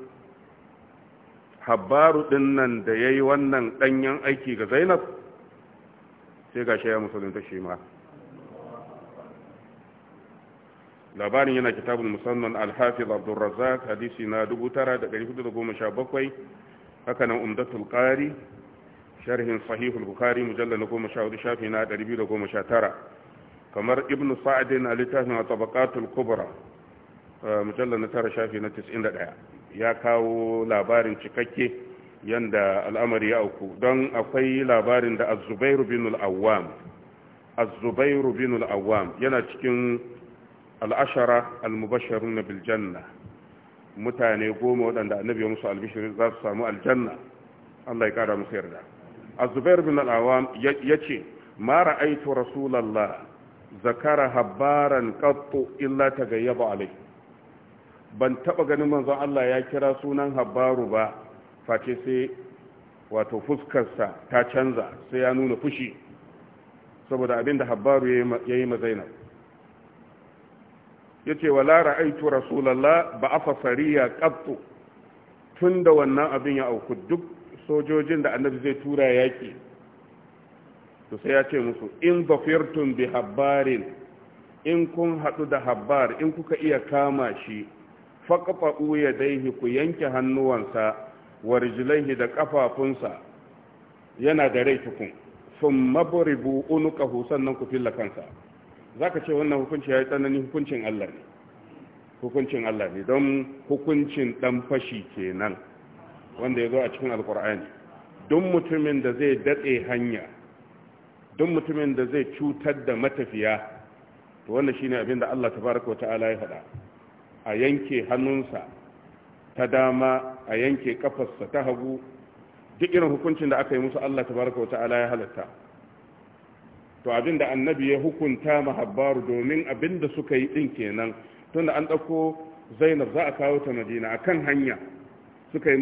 habaru ɗin nan da ya yi wannan ɗanyen aiki ga zainab sai ga shi ya musulunta shi ma labarin yana na dubu tara da ɗari razzaq hadisi na 9417 haka nan umdatul qari sharhin sahihul goma sha 14 shafi na 219 kamar ibnu sa'adin na littafin tabaqatul kubra eh, mujalla na 9 shafi na 91 ya kawo labarin cikakke yanda al'amari ya auku don akwai labarin da azubairu bin al'awam azubairu bin al'awam yana cikin al'ashara al mubasharun na biljanna mutane goma waɗanda annabi musu albishir za su samu aljanna Allah ya ƙara musu yarda azubairu bin al'awam ya ce ma ra'aitu rasulallah zakara habaran qattu illa tagayyaba alai ban taba ganin manzon Allah ya kira sunan Habaru ba face sai wato fuskarsa ta canza sai ya nuna fushi saboda abinda habbaru ya yi zainab ya ce wa lara aitu rasulallah ba a fasariya ƙabtu tun da wannan abin ya auku duk sojojin da annabi zai tura yaƙi to sai ya ce musu in zafirtun bi habbarin in kun haɗu da habbar in kuka iya kama shi faƙaɓa'u ya daihi ku yanke hannuwansa wa rijlaihi da kafafunsa yana da rai tukun sun maburibu unuqahu sannan ku filla kansa zaka ce wannan hukunci yi tsanani hukuncin Allah ne hukuncin Allah ne don hukuncin dan fashi kenan wanda zo a cikin alkur'ani duk mutumin da zai daɗe hanya duk mutumin da zai cutar da matafiya to wannan shine abin da Allah tabaaraka ta'ala ya faɗa a yanke hannunsa ta dama a yanke kafarsa ta hagu duk irin hukuncin da aka yi musu Allah tabaraka wata'ala ya halatta to abin da annabi ya hukunta mahabbaru domin abin da suka yi din kenan tunda an ɗauko zainab za a kawo ta madina akan hanya suka yi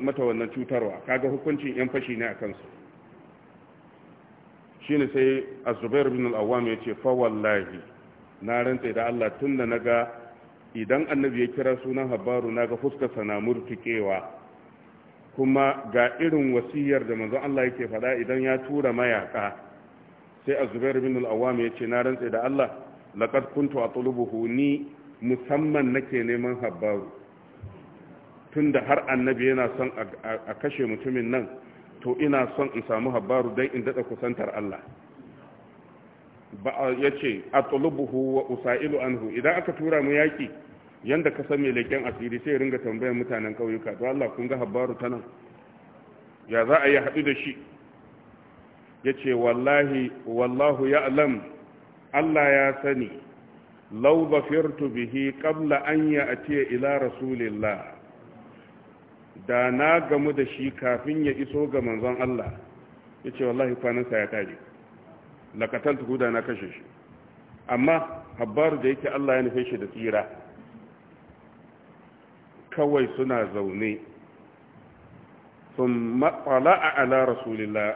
mata wannan cutarwa kaga hukuncin yan fashi ne a kansu shine sai zubairu bin al-awwam ya ce fa wallahi na rantse da Allah tunda ga. idan annabi ya kira sunan habaru na ga fuskarsa na murtukewa kuma ga irin wasiyar da manzon Allah yake faɗa idan ya tura mayaka sai a zubair bin al-awwam ya ce na rantse da Allah laqad kuntu atlubuhu ni musamman nake neman habaru tunda har annabi yana son a kashe mutumin nan to ina son in samu habaru dan in dada kusantar Allah ya ce a tsulubuhu wa usa'ilu anhu idan aka tura mu yaki yanda ka san mai leƙen asiri sai ringa tambayar mutanen ƙauyuka to Allah kun ga habaru ta nan ya za a yi haɗu da shi ya ce wallahi wallahu ya Allah ya sani lau firtu bihi qabla an ya atiya ila rasulillah da na gamu da shi kafin ya iso ga manzon Allah ya ce wallahi kwanansa ya kare Lakatan guda na kashe shi amma habbaru da yake Allah ya nufe shi da tsira kawai suna zaune sun matsala a ala rasulillah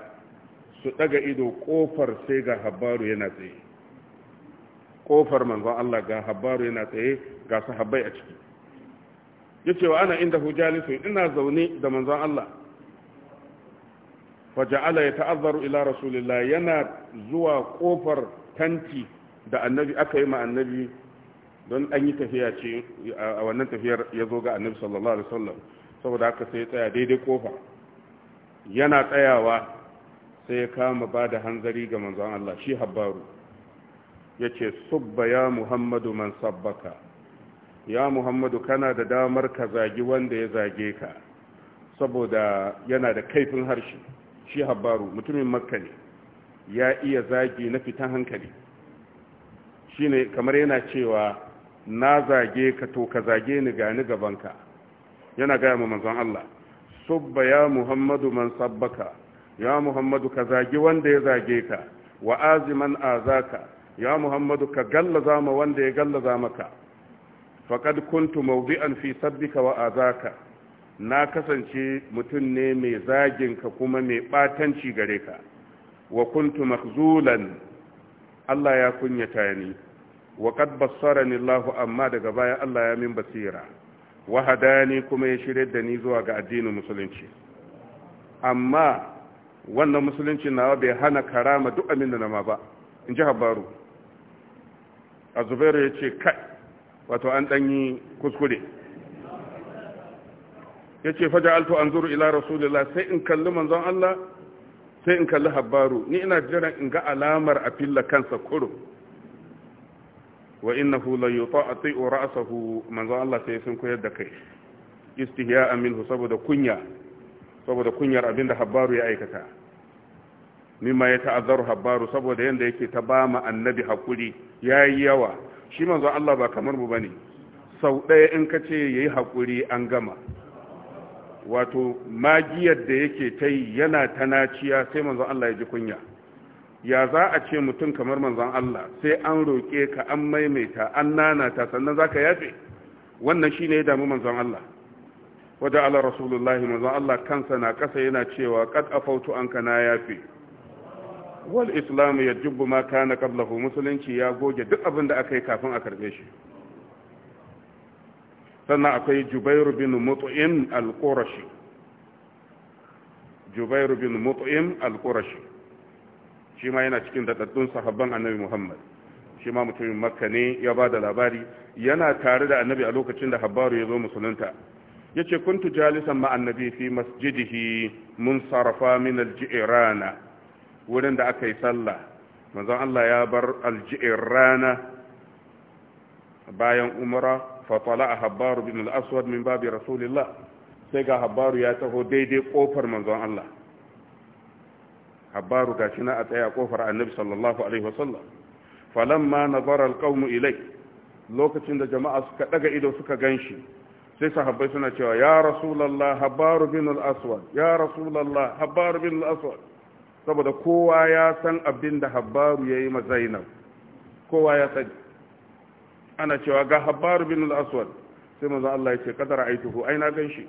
su daga ido kofar sai ga habbaru yana tsaye kofar manzon Allah ga habbaru yana tsaye ga sahabbai a ciki ya ce wa ana inda hujjalisu ina zaune da manzon Allah faja'ala ya ta'azzaru ila rasulillah yana zuwa kofar tanti da annabi aka yi ma annabi don an yi tafiya ce a wannan tafiyar ya zo ga annabi sallallahu alaihi wasallam saboda haka sai ya tsaya daidai kofa yana tsayawa sai ya kama ba da hanzari ga manzon Allah shi habbaru ya ce subba ya muhammadu man sabbaka ya muhammadu kana da damar ka zagi wanda ya zage ka saboda yana da kaifin harshe shi habbaru mutumin makka ne ya iya zagi na fitan hankali Shi ne kamar yana cewa na zage ka to ka zage ni gani gabanka yana gaya ma manzon Allah subba ya muhammadu man sabbaka ya muhammadu ka zagi wanda ya zage ka wa aziman azaka ya muhammadu ka gallaza ma wanda ya gallaza maka faqad kuntu mawdi'an fi sabbika wa azaka na kasance mutum ne mai zagin ka kuma mai batanci gare ka wa kuntu makzulan. Allah ya kunyata ni wa qad bassarani Allah amma daga baya Allah ya min basira wa hadani kuma ya shirye da ni zuwa ga addinin musulunci amma wannan musulunci nawa bai hana karama duk amin da nama ba in ji habaru a zubairu ya ce kai wato an ɗanyi kuskure ya ce yace an anzuru ila rasulillah sai in kalli manzon Allah sai in kalli habaru ni ina jiran in ga alamar a filla kansa kurum wa innahu la yuta'ti'u ra'sahu manzon Allah sai sun koyar da kai istihya'a minhu saboda kunya saboda kunyar abinda habaru ya aikata mimma ya ta'azzaru habaru saboda yanda yake ta ba mu annabi hakuri yayi yawa shi manzon Allah ba kamar mu bane sau ɗaya in ka ce yayi hakuri an gama wato magiyar da yake ta yi yana ta naciya sai manzon Allah ya ji kunya ya za a ce mutum kamar manzon Allah sai an roƙe ka an maimaita an nanata sannan za ka yafe wannan shi ne ya damu manzon Allah wadda ala rasulullahi manzon Allah kansa na kasa yana cewa kad afautu an ka na yafe wal islam ya jubbu ma kana kablahu musulunci ya goge duk abin da aka yi kafin a karbe shi sannan akwai jubairu bin mutu'im al-qurashi jubairu bin mutu'im al-qurashi shi ma yana cikin daɗaɗɗun sahabban annabi muhammad shi ma mutumin makka ne ya ba da labari yana tare da annabi a lokacin da habbaru ya zo musulunta ya ce kuntu jalisan ma annabi fi masjidihi mun sarrafa min jiirana wurin da aka yi sallah manzon Allah ya bar rana bayan umara fatala habaru bin al min babi rasulillah sai ga habaru ya taho daidai kofar manzon Allah habaru habbaru gashi na a tsaya kofar annabi sallallahu alaihi wasallam na nazara alqawmu ilai lokacin da jama'a suka daga ido suka gan shi sai sahabbai suna cewa ya rasulullah habaru bin al-aswad ya rasulullah habaru bin al saboda kowa ya san abin da habaru ya yi ma Zainab kowa ya sani ana cewa ga habbar bin al-aswad sai manzon Allah ya ce kadara aituhu ai na ganshi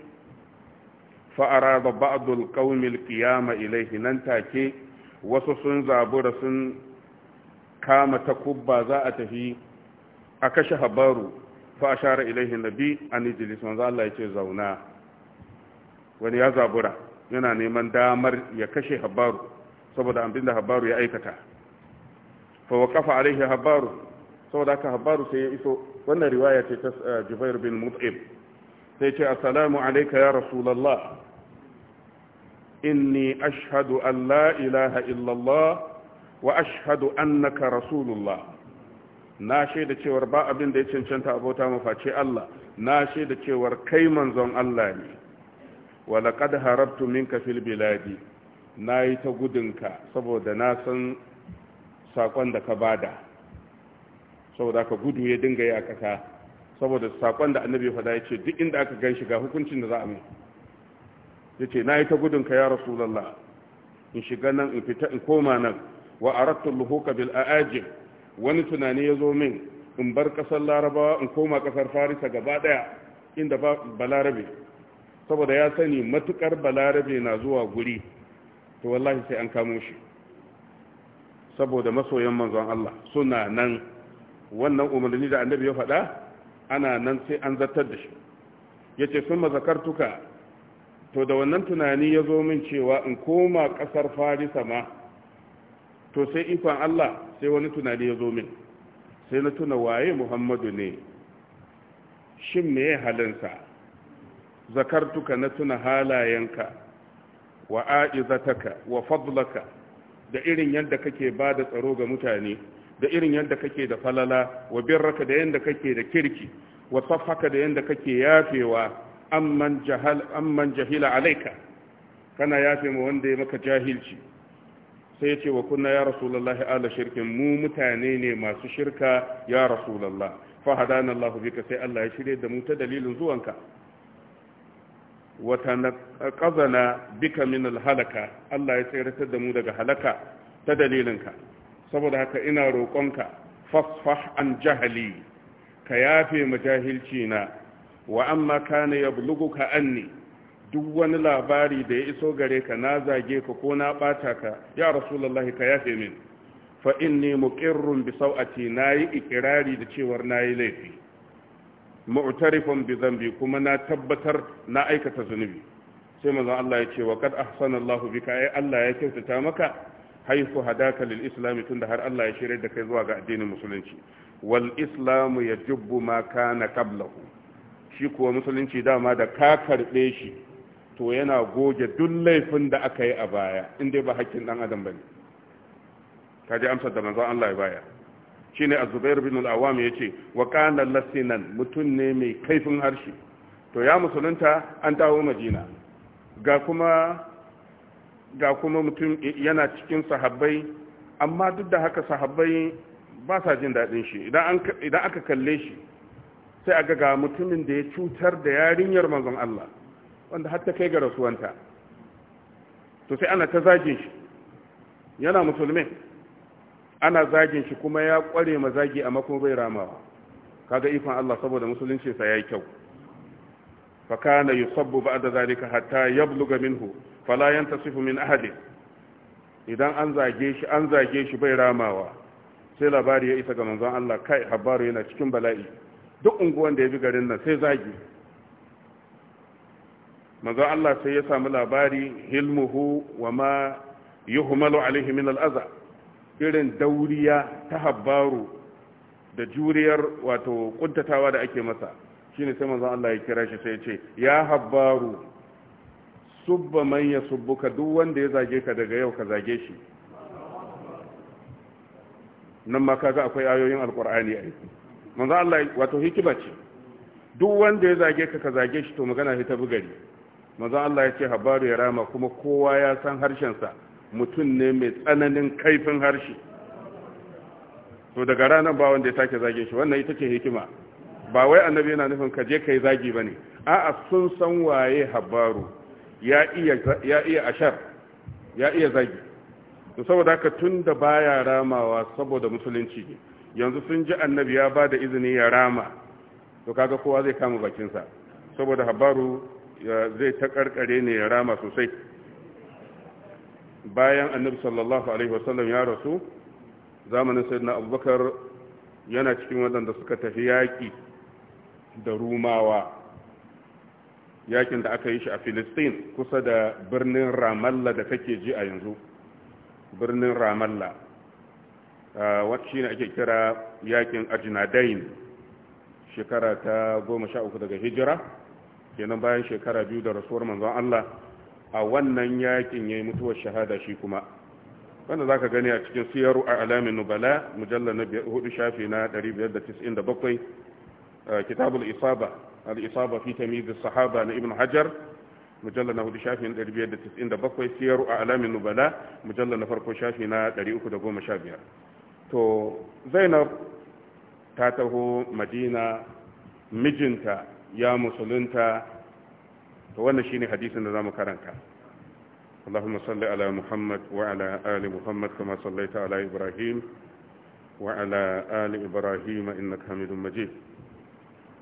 fa arada ba'd al-qawm al-qiyama ilayhi nan take wasu sun zabura sun kama takubba za a tafi a kashe habaru fa ashara ilayhi nabi an ijlis manzon Allah ya ce zauna wani ya zabura yana neman damar ya kashe habaru saboda abinda habaru ya aikata fa waqafa alaihi habaru saboda haka habaru sai ya iso wannan riwaya ce ta eh, jubair bin mut'im sai ce assalamu alayka ya rasulullah inni ashhadu an la ilaha illallah wa ashhadu annaka rasulullah na shaida cewar ba abin da ya cancanta abota mafaci Allah na shaida cewar kai manzon Allah ne wa laqad harabtu minka fil biladi nayi ta gudunka saboda na san sakon da ka bada saboda ka gudu ya dinga yi a ƙasa saboda saƙon da annabi faɗa ya ce duk inda aka gan shi ga hukuncin da za a mai ya ce na yi ta gudun ka ya rasulallah in shiga nan in fita in koma nan wa a arattu luhuka bil ajin wani tunani ya zo min in bar ƙasar larabawa in koma ƙasar farisa gaba ɗaya inda ba balarabe saboda ya sani matukar balarabe na zuwa guri to wallahi sai an kamo shi saboda masoyan manzon Allah suna nan wannan umarni da annabi ya faɗa ana nan sai an zartar da shi ya ce sun mazakartuka to da wannan tunani ya zo min cewa in koma ƙasar farisa ma to sai ikon allah sai wani tunani ya zo min sai na tuna waye muhammadu ne shin me halinsa zakartuka na tuna halayenka wa a'izataka wa fadlaka da irin yadda kake ba da tsaro ga mutane da irin yadda kake da falala wa birraka da yadda kake da kirki wa safaka da yadda kake yafewa amman jahal amman jahila alaika kana yafe wanda ya maka jahilci sai ya ce wa kunna ya rasulullahi ala shirkin mu mutane ne masu shirka ya rasulullah fa hadana Allah bika sai Allah ya shirye da mu ta dalilin zuwanka wa bika min alhalaka Allah ya tsiratar da mu daga halaka ta dalilinka saboda haka ina roƙonka fasfah an jahali ka yafe majahilci na wa amma kana ka anni duk wani labari da ya iso gare ka na zage ka ko na bata ka ya rasulullahi ka yafe min fa inni muqirrun bi sau'ati nayi ikrari da cewar nayi laifi mu'tarifun bi dhanbi kuma na tabbatar na aikata zunubi sai manzon Allah ya ce wa kad ahsana Allah bika ai Allah ya kyautata maka haifu hadaka lil islami tunda har Allah ya shirya da kai zuwa ga addinin musulunci wal islamu ya jubbu ma kana qablahu shi kuwa musulunci dama da ka karbe shi to yana goge duk laifin da aka yi a baya in dai ba hakkin dan adam bane ka ji amsar da manzon Allah ya baya shine az-zubair bin al-awam yace wa kana lasinan mutun ne mai kaifin harshe to ya musulunta an tawo madina ga kuma ga kuma mutum yana cikin sahabbai amma duk da haka sahabbai ba sa jin daɗin shi idan aka kalle shi sai a ga mutumin da ya cutar da yarinyar manzon Allah wanda har ta kai ga rasuwanta to sai ana ta zagin shi yana musulmi ana zagin shi kuma ya kware mazagi a kuma bai ramawa kaga ifan Allah saboda musulunci sa yayi kyau fa kana yusabbu ba'da zalika hatta yabluga minhu fala tasifu min ahadin idan an zage shi an zage shi bai ramawa sai labari ya isa ga manzon Allah kai habaru yana cikin bala'i duk unguwan da ya bi garin nan sai zagi manzon Allah sai ya samu labari hilmuhu wa ma yuhmalu alaihi min al'aza irin dauriya ta habaru da juriyar wato kuntatawa da ake masa shine sai manzon Allah ya kira shi sai ya ce ya habaru subba man subbuka duk wanda ya zage ka daga yau ka zage shi nan ma kaga akwai ayoyin alkur'ani a yi manzo Allah wato hikima ce duk wanda ya zage ka ka zage shi to magana ta bugari manzo Allah ya ce habaru ya rama kuma kowa ya san harshen sa mutum ne mai tsananin kaifin harshe to daga ranar ba wanda ya take zage shi wannan ita ce hikima ba wai annabi yana nufin ka je kai zagi bane a'a sun san waye habaru ya iya ashar ya iya zagi to saboda haka tun da baya ramawa saboda musulunci yanzu sun ji annabi ya ba da izini ya rama to kaga kowa zai kama bakinsa saboda habaru zai ta karkare ne ya rama sosai bayan annabi sallallahu alaihi wasallam ya rasu zamanin sayyidina abubakar yana cikin waɗanda suka tafi yaƙi da rumawa yakin da aka yi shi a Filistin kusa da birnin Ramallah da kake ji a yanzu birnin Ramallah ah, wacce ne ake kira yakin Ajnadain shekara ta 13 daga hijira kenan bayan shekara biyu da rasuwar manzon Allah a wannan yakin yayi mutuwar shahada shi kuma wanda za ka gani a cikin siyaru a alamin nubala mujallar na hudu shafi na 597 ah, kitabul isaba al-isaba fi tamyiz as-sahaba na ibn hajar mujalla na hudu shafi na ɗari biyar da tisin da bakwai siyaru a alamin Bala mujalla na farko shafi na ɗari uku da goma sha biyar to zainab ta taho madina mijinta ya musulunta to wannan shine hadisin da mu karanta اللهم صل على محمد وعلى آل محمد كما صليت على إبراهيم وعلى آل إبراهيم إنك حميد مجيد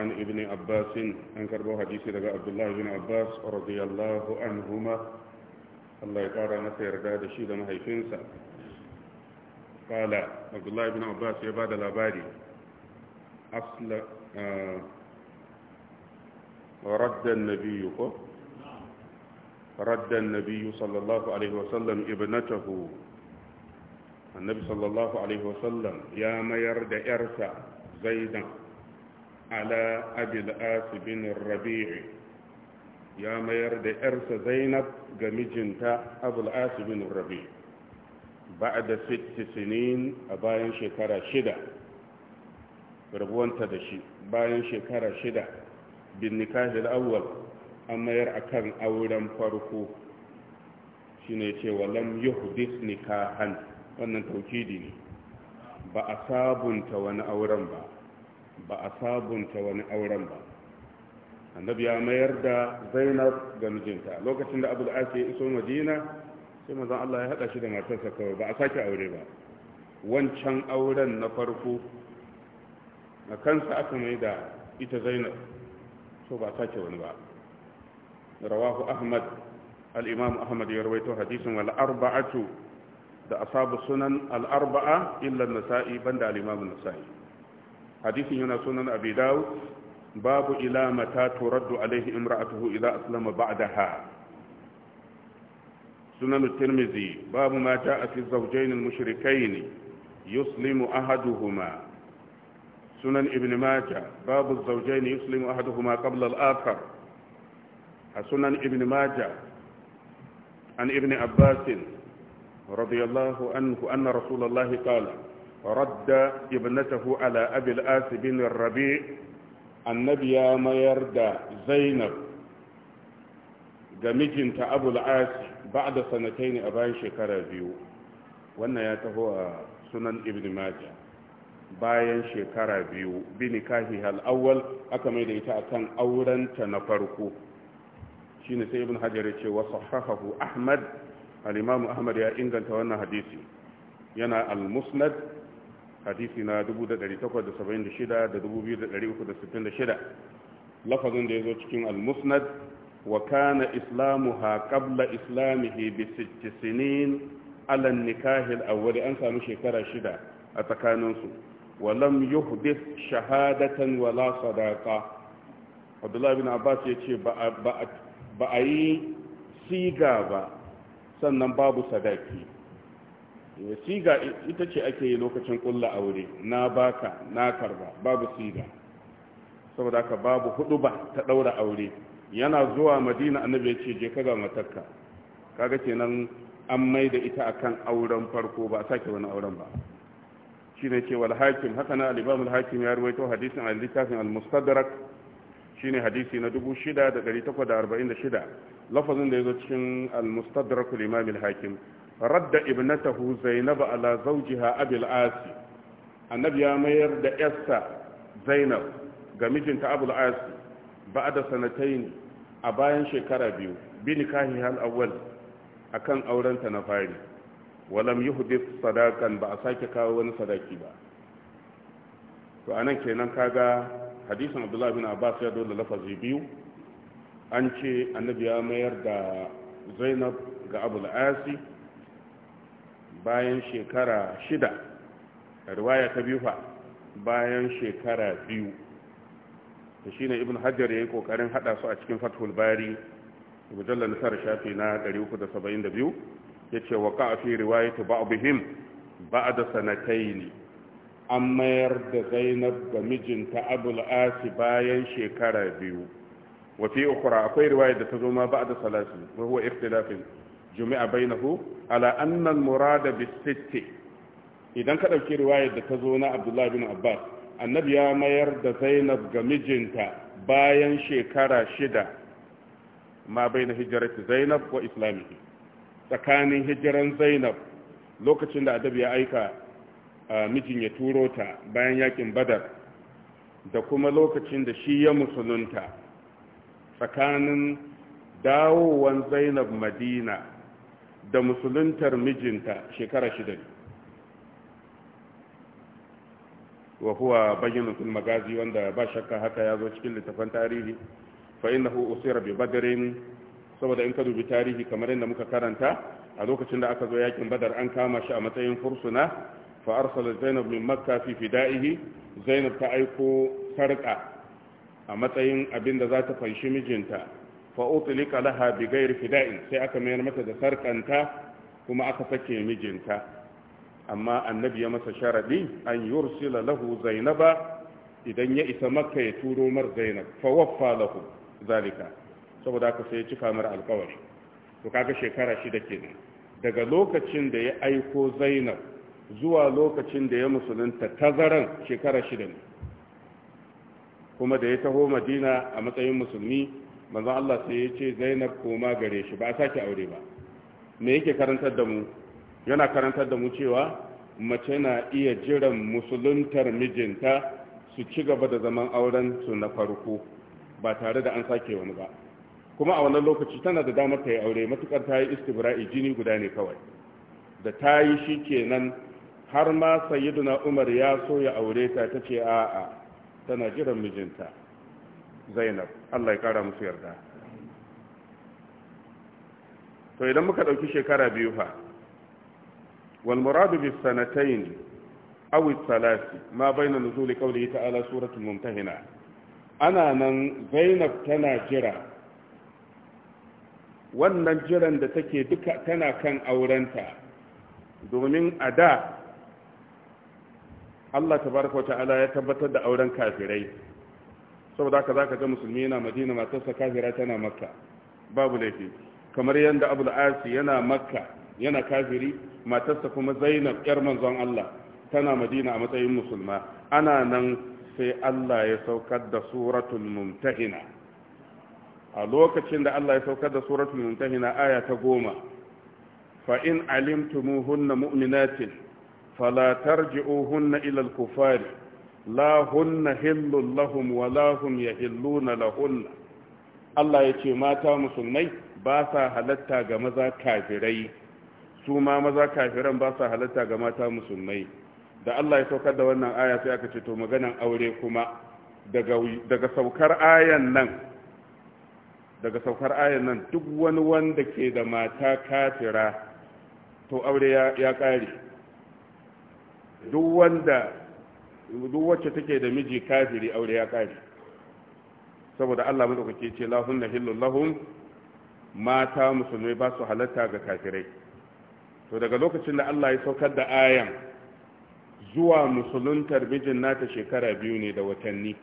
عن ابن عباس أنكر به حديث رجاء عبد الله بن عباس رضي الله عنهما الله يقارى مسير داد شيدا ما هيفنسا قال عبد الله بن عباس يباد الأبادي أصل آه رد النبي رد النبي صلى الله عليه وسلم ابنته النبي صلى الله عليه وسلم يا ما يرد إرسى زيدا على أبي الآس بن الربيع يا مير دي إرس زينب جمجنتا أبو الآس بن الربيع بعد ست سنين أباين شكرا شدة ربوان تدشي باين شكرا شدة بالنكاح الأول أما ير أكان أولا فاركو شنيتي ولم walam yuhdis nikahan wannan ba a sabunta wani auren ba ba a sabunta wani auren ba annabi ya mayar da zainab ga mijinta lokacin da abu da ake iso madina sai mazan allah ya haɗa shi da matarsa kawai ba a sake aure ba wancan auren na farko na kansa aka mai da ita zainab so ba a sake wani ba rawahu ahmad al-imam ahmad ya rawaito hadisin wal arba'atu da asabu sunan al-arba'a illa nasai banda al-imam nasai حديث هنا سنن أبي داود باب إلى متى ترد عليه امرأته إذا أسلم بعدها سنن الترمذي باب ما جاء في الزوجين المشركين يسلم أحدهما سنن ابن ماجه باب الزوجين يسلم أحدهما قبل الآخر سنن ابن ماجه عن ابن عباس رضي الله عنه أن رسول الله قال radda ibnatahu ala abil asibin rabi annabi ya mayar da zainab ga mijinta abul asi ba da sanatai a bayan shekara biyu wannan ya taho a sunan ibn majah bayan shekara biyu bini kahi al'awwal aka mai da ita akan aurenta na farko shine sai ibn hajar ya ce wa sahahahu ahmad al ahmad ya inganta wannan hadisi yana al-musnad hadisi na 1876 da 2366 lafazin da ya zo cikin al-musnad wa kana ha qabla islamihi bi sittisinin ala nikahi al-awwal an samu shekara shida a tsakaninsu wa lam yuhdith shahadatan wala sadaqa Abdullah ibn Abbas yace ba ba a yi siga ba sannan babu sadaki siga ita ce ake yi lokacin kulla aure na baka na karba babu siga saboda aka babu hudu ba ta daura aure yana zuwa madina annabi ya ce je ka ga matarka kaga kenan an mai da ita akan auren farko ba a sake wani auren ba shine ce wal hakim haka na alibamul hakim ya rawaito hadisin al-litafin al-mustadrak shine hadisi na 6846 lafazin da yazo cikin al-mustadrak limamil hakim radda ibnatahu zainab ala zawjiha abil asi annabi ya mayar da yarsa zainab ga mijinta abul asi ba'da sanatayn a bayan shekara biyu bi nikahi hal awwal akan aurenta na fari walam yuhdith sadakan ba a sake kawo wani sadaki ba to anan kenan kaga hadisin abdullahi bin abbas ya dole lafazi biyu an ce annabi ya mayar da zainab ga abul asi bayan shekara shida riwaya ta biyu fa bayan shekara biyu da ne ibn hajjar ya yi kokarin hada su a cikin fathul bari mujallar nasarar shafi na 372 ya ce wa ka fi riwayatu da sanatai ne an mayar da zainab ga mijinta abul asi bayan shekara biyu wa ukura akwai riwaya da ta zo ma da salasi wa huwa ikhtilafin jumi'a bainahu ala anna al-murada bis-sitti idan ka ɗauki riwayar da ta zo na Abdullah ibn Abbas annabi ya mayar da Zainab ga mijinta bayan shekara shida ma baina hijrati Zainab wa islamihi tsakanin hijiran Zainab lokacin da adabi ya aika mijin ya turo ta bayan yakin Badar da kuma lokacin da shi ya musulunta tsakanin dawowan Zainab Madina da musuluntar mijinta shekara shida ne wa huwa magazi wanda ba shakka haka ya zo cikin littafan tarihi fa innahu usira rabe badrin saboda in ka dubi tarihi kamar yadda muka karanta a lokacin da aka zo yakin badar an kama shi a matsayin fursuna fa arsala zainab min makka fi fida'ihi zainab ta aiko sarka a matsayin abin da za ta fanshi mijinta fa utlika laha bi ghairi sai aka mayar mata da sarkanta kuma aka sake mijinta amma annabi ya masa sharadi an yursila lahu zainaba idan ya isa makka ya turo mar zainab fa waffa lahu zalika saboda aka sai ya cika mar alkawari to kaga shekara shida ne daga lokacin da ya aiko zainab zuwa lokacin da ya musulunta tazaran shekara shida ne kuma da ya taho madina a matsayin musulmi manzo Allah sai ya ce Zainab koma gare shi ba a sake aure ba me yake karantar da mu yana karantar da mu cewa mace na iya jiran musuluntar mijinta su ci gaba da zaman auren su na farko ba tare da an sake wani ba kuma a wannan lokaci tana da damar ta yi aure matukar ta yi istibra'i jini guda ne kawai da ta yi shi kenan har ma sayyiduna umar ya so ya aure ta ta ce a'a tana jiran mijinta zainab allah ya kara musu yarda to idan muka ɗauki shekara biyu fa wal muradu bis sanatayn aw salasi ma bayna nuzuli qawlihi ta'ala suratul mumtahina ana nan zainab tana jira wannan jiran da take duka tana kan aurenta domin a da Allah tabaraka wa ta'ala ya tabbatar da auren kafirai saboda haka zaka ga musulmi yana madina matarsa kafira tana makka babu laifi kamar yadda abu asi yana makka yana kafiri matarsa kuma zainab yar manzon allah tana madina a matsayin musulma ana nan sai allah ya saukar da suratul mumtahina a lokacin da allah ya saukar da suratul mumtahina aya ta goma fa in alimtumuhunna mu'minatin fala tarji'uhunna ila al-kufari لا هن hillun lahum ولا هم hum لهن lahunna Allah ya ce mata musulmai ba sa halatta ga maza kafirai su ma maza kafiran ba sa halatta ga mata musulmai da Allah ya saukar da wannan aya sai aka ce to maganan aure kuma daga daga saukar ayan nan daga saukar ayan nan duk wani wanda ke da mata kafira to aure ya ya kare duk wanda duk wacce take da miji kafiri aure ya kare saboda Allah dauke ce lahunna hillu lahum mata musulmai ba su halatta ga kafirai to daga lokacin da Allah ya saukar da ayan zuwa musuluntar mijin nata shekara biyu ne da watanni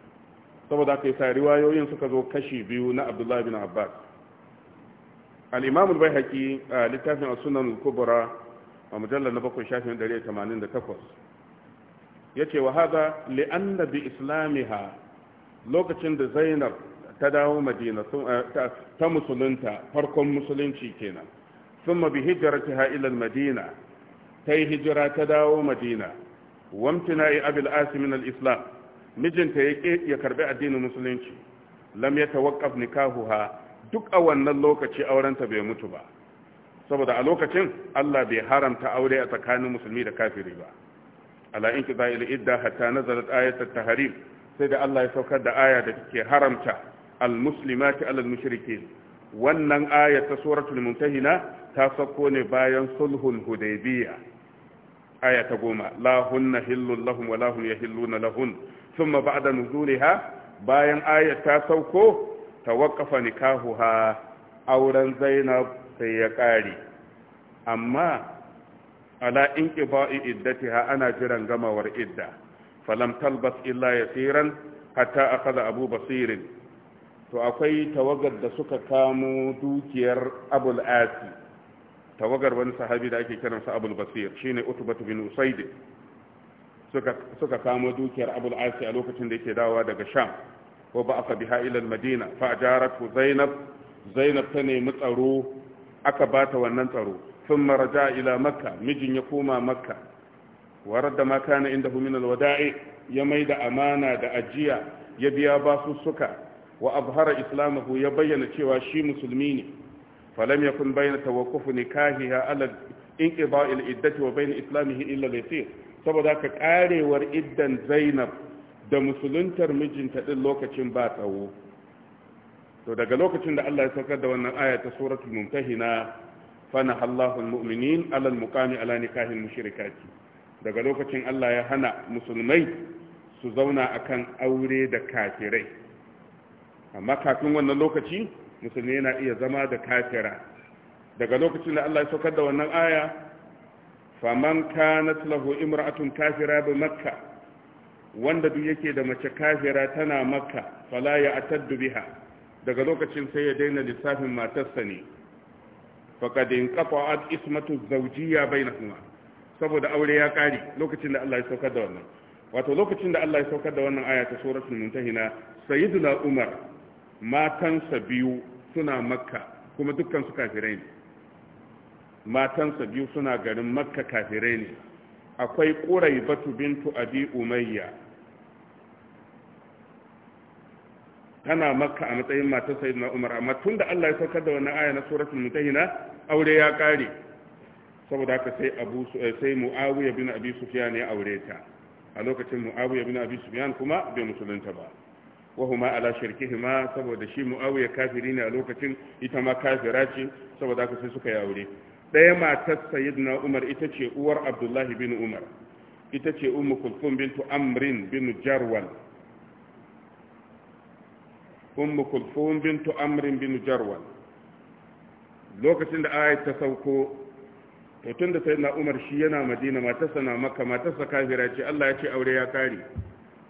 saboda aka yi sa riwayoyin suka zo kashi biyu na Abdullahi bin Abbas al-Imam al-Baihaqi littafin as-Sunan al-Kubra a mujallar na bakwai shafin 188 Ya wa hada li bi islamiha lokacin da Zainab ta dawo Madina eh, ta musulunta farkon musulunci kenan thumma bi hijratiha ila al-Madina yi hijira ta dawo Madina wamtina'i Abil Asim al-Islam mijinta ya karbi addinin musulunci lam yatawaqqaf nikahuha duk a wannan lokaci aurenta bai mutu ba saboda a lokacin Allah bai haramta aure a tsakanin musulmi da kafiri ba ala in kiza ila idda hatta nazalat ayatul tahrim sai da Allah ya saukar da aya da take haramta al muslimati ala al mushrikin wannan aya ta suratul mumtahina ta sauko ne bayan sulhul hudaybiya aya ta goma la hunna hillun lahum wa la hum yahilluna lahun thumma ba'da nuzuliha bayan aya ta sauko tawaqqafa nikahuha auren Zainab sai ya kare amma ala inqiba'i iddatiha ana jiran gamawar idda falam talbas illa yasiran hatta akaza abu basirin. to akwai tawagar da suka kamo dukiyar abul asi tawagar wani sahabi da ake kiransa abul basir shine utbatu bin usaid suka suka kamo dukiyar abul asi a lokacin da yake dawowa daga sham wa ba'atha biha ila al-madina fa ajaratu zainab zainab ta nemi tsaro aka bata wannan tsaro sun maraja ila makka mijin ya koma makka warar da maka na inda min alwada'i ya mai da amana da ajiya ya biya basu suka wa abhara islamahu ya bayyana cewa shi musulmi ne falam ya kun bayyana tawakufu ne kahi ya alal in ƙiba il iddati wa bayyana islamihi illa laifi saboda ka karewar iddan zainab da musuluntar mijinta ɗin lokacin ba tsawo to daga lokacin da allah ya saukar da wannan aya ta suratul mumtahina fana Allahu almu'minin alal muqami ala nikahin mushrikati daga lokacin Allah ya hana musulmai su zauna akan aure da kafirai amma kafin wannan lokaci musulmi yana iya zama da kafira daga lokacin da Allah ya saukar da wannan aya faman kanat lahu imra'atun kafira bi makka wanda duk yake da mace kafira tana makka fala ya ataddu biha daga lokacin sai ya daina lissafin matarsa ne faqad inqata'at ismatu zawjiyya bainahuma saboda aure ya kare lokacin da Allah ya saukar da wannan wato lokacin da Allah ya saukar da wannan aya ta suratul muntahina sayyiduna umar matansa biyu suna makka kuma dukkan su kafirai ne matansa biyu suna garin makka kafirai ne akwai ƙurai batu bintu abi umayya tana makka a matsayin matar sayyidina umar amma tun da allah ya saukar da wannan aya na suratul mutahina aure ya kare saboda haka sai abu eh, sai muawiya bin abi sufyan ya aure ta a lokacin muawiya bin abi sufyan kuma bai musulunta ba wahuma ala shirkihima saboda shi muawiya kafiri ne a lokacin ita ma kafira ce saboda haka sai suka yi aure ɗaya matar sayyidina umar ita ce uwar abdullahi bin umar ita ce ummu kulthum bintu amrin bin jarwal ummu kulthum bintu amrin bin jarwal lokacin da ayat ta sauko to tunda na umar shi yana madina matarsa na makka matarsa kafira ce Allah ya ce aure ya kare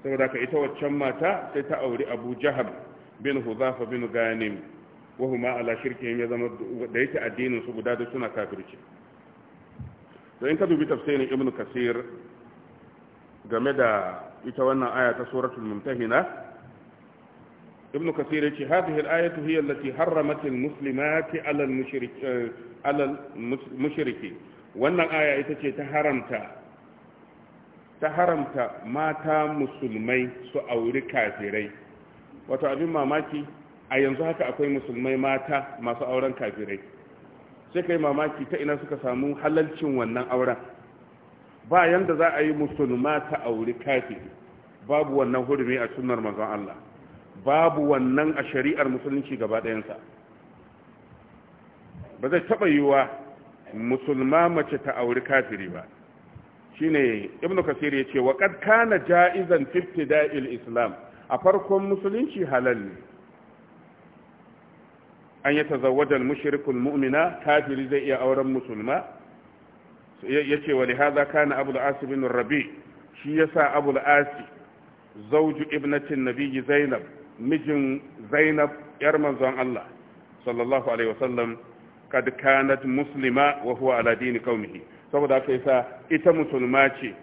saboda ka ita waccan mata sai ta auri abu jahab bin huzafa bin ganim wahuma ala shirkin ya zama da yake addinin su guda da suna kafirci to in ka dubi tafsirin ibnu kasir game da ita wannan aya ta suratul mumtahina ibn kasir ce hadhihi al-ayatu hiya allati harramat al-muslimati eh, 'ala al-mushriki wannan aya ita ce ta haramta ta haramta mata musulmai su auri kafirai wato abin mamaki a yanzu haka akwai musulmai mata masu auren kafirai sai kai mamaki ta ina suka samu halalcin wannan auren ba yanda za a yi musulma ta auri kafiri babu wannan hurumi a sunnar manzon Allah babu wannan a shari'ar musulunci gaba ɗayansa ba zai taɓa yiwuwa musulma mace ta auri kafiri ba shine ibnu kasir ya ce waƙad kana ja'izan fifti da'il islam a farkon musulunci halal ne an yi tazawwajar mushirikun mu'mina kafiri zai iya auren musulma ya ce wa lihaza kana abu da asibin rabi shi ya sa abu da asi zauju ibnatin nabiyyi zainab mijin zainab yar manzon Allah sallallahu alaihi wasallam kad kanat muslima wa huwa ala dini qaumihi saboda haka yasa ita musulma ce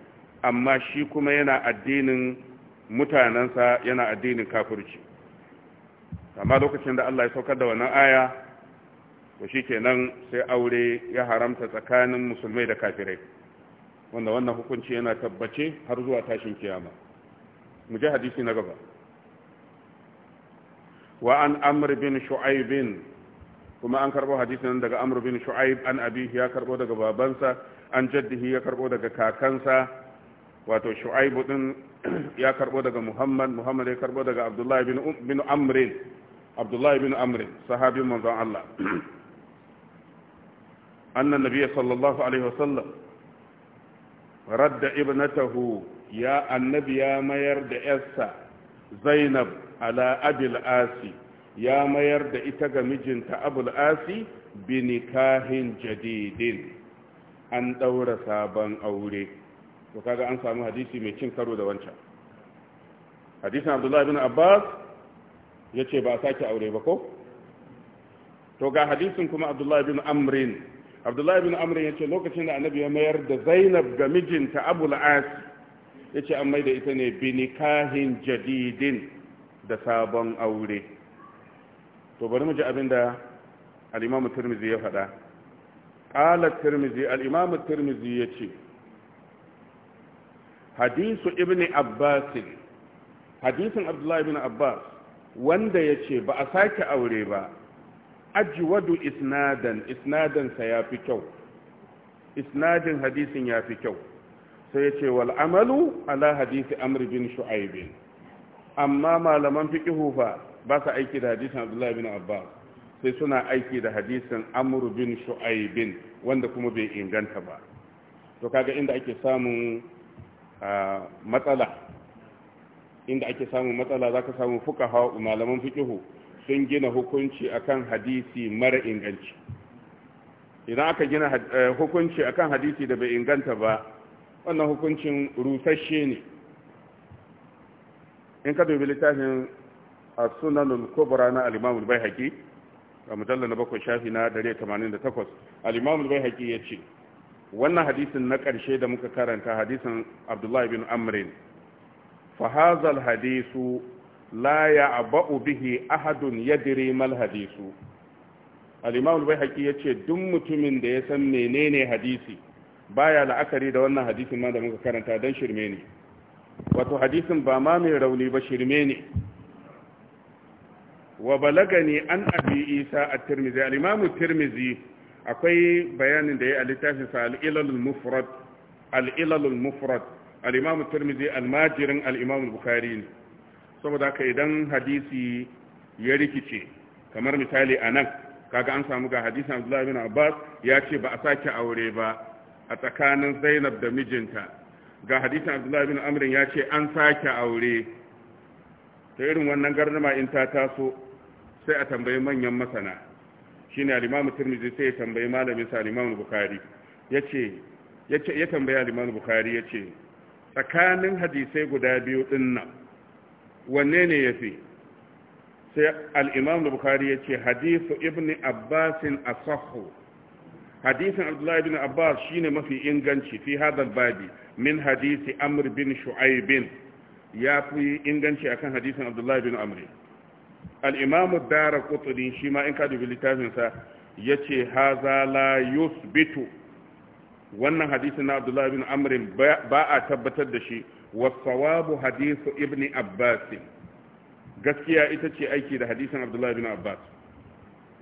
amma shi kuma yana addinin mutanansa yana addinin kafirci amma lokacin da Allah ya saukar da wannan aya to shikenan sai aure ya haramta tsakanin musulmai da kafirai wanda wannan hukunci yana tabbace har zuwa tashin kiyama mu hadisi na gaba wa an amr bin shu'aib kuma an karbo hadisin daga amr bin shu'aib an abihi ya karbo daga babansa an jaddihi ya karbo daga kakansa wato shu'aib din ya karbo daga muhammad muhammad ya karbo daga abdullahi bin bin amr abdullahi bin amr sahabin manzon Allah anna nabiyya sallallahu alaihi wasallam radda ibnatahu ya annabi ya mayar da yarsa zainab ala abil asi ya mayar da ita ga mijinta abul asi binikahin jadidin an daura sabon aure to kaga an samu hadisi mai cin karo da wancan hadisin abdullahi bin abbas ya ce ba a sake aure ba ko to ga hadisin kuma abdullahi bin amrin abdullahi bin amrin ya ce lokacin da annabi ya mayar da zainab ga mijinta abul asi ya ce an maida ita ne binikahin jadidin da sabon aure to bari mu ji abin da al'imamu turmizi ya faɗa ƙalar turmizi al'imamu turmizi ya ce hadisu ibn abbasin hadisin abdullahi ibn abbas wanda ya ce ba a sake aure ba ajiwadu isnadan isnadansa ya fi kyau isnadin hadisin ya fi kyau sai ya ce wal amalu ala hadisi amr bin shu'aib amma malaman fiqhu fa ba sa aiki da hadisin abdullahi bin abbas sai suna aiki da hadisin amr bin shu'aib wanda kuma bai inganta ba to kaga inda ake samun matsala inda ake samun matsala zaka samu fuqaha malaman fiqhu sun gina hukunci akan hadisi mara inganci idan aka gina eh, hukunci akan hadisi da bai inganta ba wannan hukuncin rusasshe ne in ka dubi littafin a sunanul kubra na alimamul bai haƙi a na bakwai shafi na 188 alimamul bai haƙi ya ce wannan hadisin na ƙarshe da muka karanta hadisin abdullahi bin amrin fahazal hadisu la ya abu bihi ahadun yadiri mal hadisu alimamul bai haƙi ya ce duk mutumin da ya san menene hadisi baya la'akari da wannan hadisin ma da muka karanta don shirme ne wato hadisin ba ma mai rauni ba shirme ne wa balagani an abi isa a tirmizi al'imamu tirmizi akwai bayanin da ya a littafin sa al'ilalul mufrad al'ilalul mufrad al'imamu tirmizi almajirin al'imamu bukari ne saboda haka idan hadisi ya rikice kamar misali a nan kaga an samu ga hadisin abdullahi bin abbas ya ce ba a sake aure ba a tsakanin zainab da mijinta ga hadisin abdullahi bin amrin ya ce an sake aure ta irin wannan garnama in ta taso sai a tambayi manyan masana shine al-imamu tirmidhi sai ya tambayi malamin sa al-imamu bukhari yace yace ya tambayi al-imamu bukhari yace tsakanin hadisai guda biyu din nan, wanne ne yafi sai al-imamu bukhari yace hadisu ibni abbasin asahhu hadisin abdullahi bin abbas shine mafi inganci fi hadal babi min hadisi amr bin shu'aib ya fi inganci akan hadisin abdullahi bin amr al-imam ad-darqutni shi ma in ka dubi littafin sa yace haza la yusbitu wannan hadisin na abdullahi bin amr ba a tabbatar da shi wasawabu hadisu ibn abbas gaskiya ita ce aiki da hadisin abdullahi bin abbas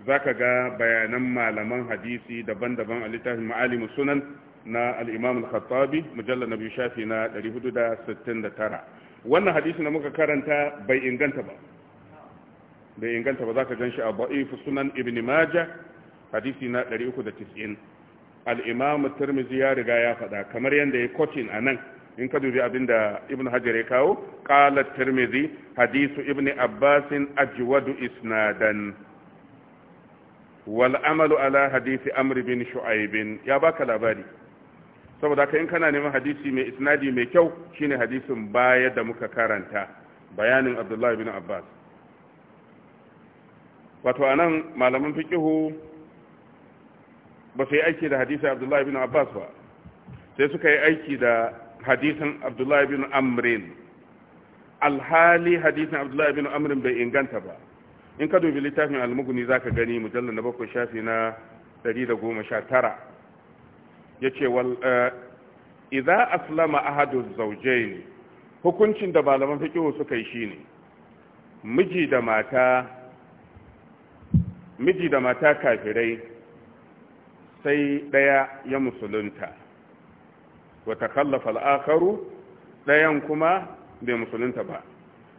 zaka ga bayanan malaman hadisi daban-daban a littafin ma'alimu sunan na al-imam al-khattabi mujallal nabi shafi na 469 wannan hadisi na muka karanta bai inganta ba bai inganta ba zaka ganshi a da'if sunan ibn majah hadisi na 390 al-imam tirmidhi ya riga ya faɗa kamar yadda ya kotin nan, in ka dubi abinda ibn hajar ya kawo ƙalar turmizi tirmidhi hadisu ibn abbasin ajwadu isnadan wal amalu ala hadisi amr bin Shu'aibin ya baka labari saboda ka in kana neman hadisi mai isnadi mai kyau shine hadisin baya da muka karanta bayanin abdullahi bin abbas wato anan malaman fikihu ba su yi aiki da hadisi abdullahi bin abbas ba sai suka yi aiki da hadisin abdullahi bin amrin alhali hadisin abdullahi bin amrin bai inganta ba in ka dubi littafin almuguni zaka gani mujallar na bakwai shafi na 119 yace wal eh, idza aslama ahadu ne. hukuncin da malaman fiqh suka yi shine miji da mata miji da mata kafirai sai daya ya musulunta wa takallafa al-akharu dayan kuma bai musulunta ba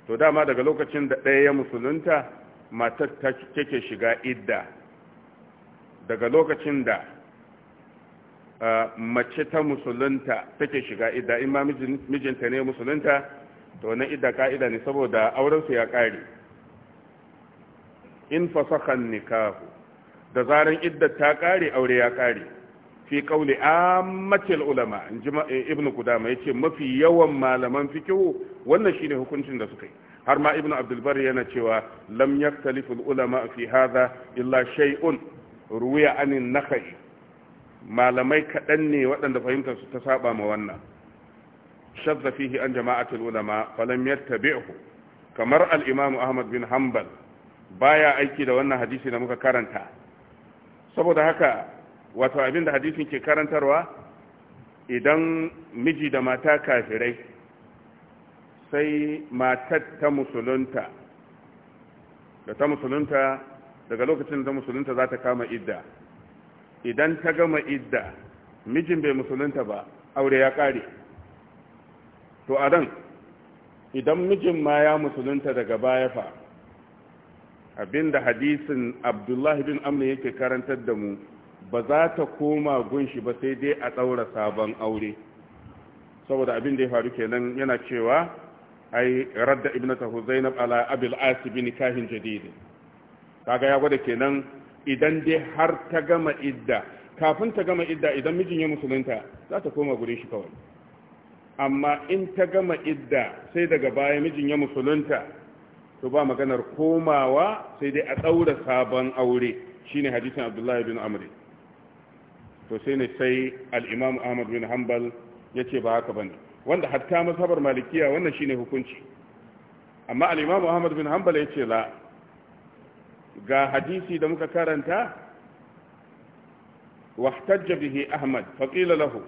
to dama daga lokacin da daya ya musulunta matar ta take shiga idda daga lokacin da mace ta musulunta take shiga idda in ma mijinta ne musulunta to na idda ka'ida ne saboda aurensu ya ƙare in fasakan nikahu da zaran idda ta kare aure ya ƙare fi kauli ammatil ulama in ji eh, ibnu kudama yace mafi yawan malaman fikihu wannan shine hukuncin da suka yi har ma ibnu abdulbar yana cewa lam yaktalifu ulama fi hadha illa shay'un ruwiya anin nakhai malamai kaɗan ne waɗanda fahimtar su ta saba ma wannan shadda fihi an jama'atul ulama falam yattabi'hu kamar al-imam ahmad bin hanbal baya aiki da wannan hadisi da muka karanta saboda haka wato abinda hadisin ke karantarwa idan miji da mata kafirai sai matar ta musulunta da ta musulunta daga lokacin da musulunta za ta kama idda idan ta gama idda mijin bai musulunta ba aure ya kare to a nan idan mijin ma ya musulunta daga baya fa abinda hadisin abdullahi bin amna yake karantar da mu ba za ta koma gunshi ba sai dai a tsaura sabon aure saboda abin da ya faru kenan yana cewa ai radda ibnatahu zainab ala abil as bin nikahin jadid kaga ya gwada kenan idan dai har ta gama idda kafin ta gama idda idan mijin ya musulunta za ta koma gure shi kawai amma in ta gama idda sai daga baya mijin ya musulunta to ba maganar komawa sai dai a daura sabon aure shine hadisin abdullahi bin amri to sai ne sai al-imam ahmad bin hanbal yace ba haka bane wanda hatta mazhabar malikiya wannan shine hukunci amma al-imamu ahmad bin hanbal yace la ga hadisi da muka karanta wahtajja bihi ahmad faqila lahu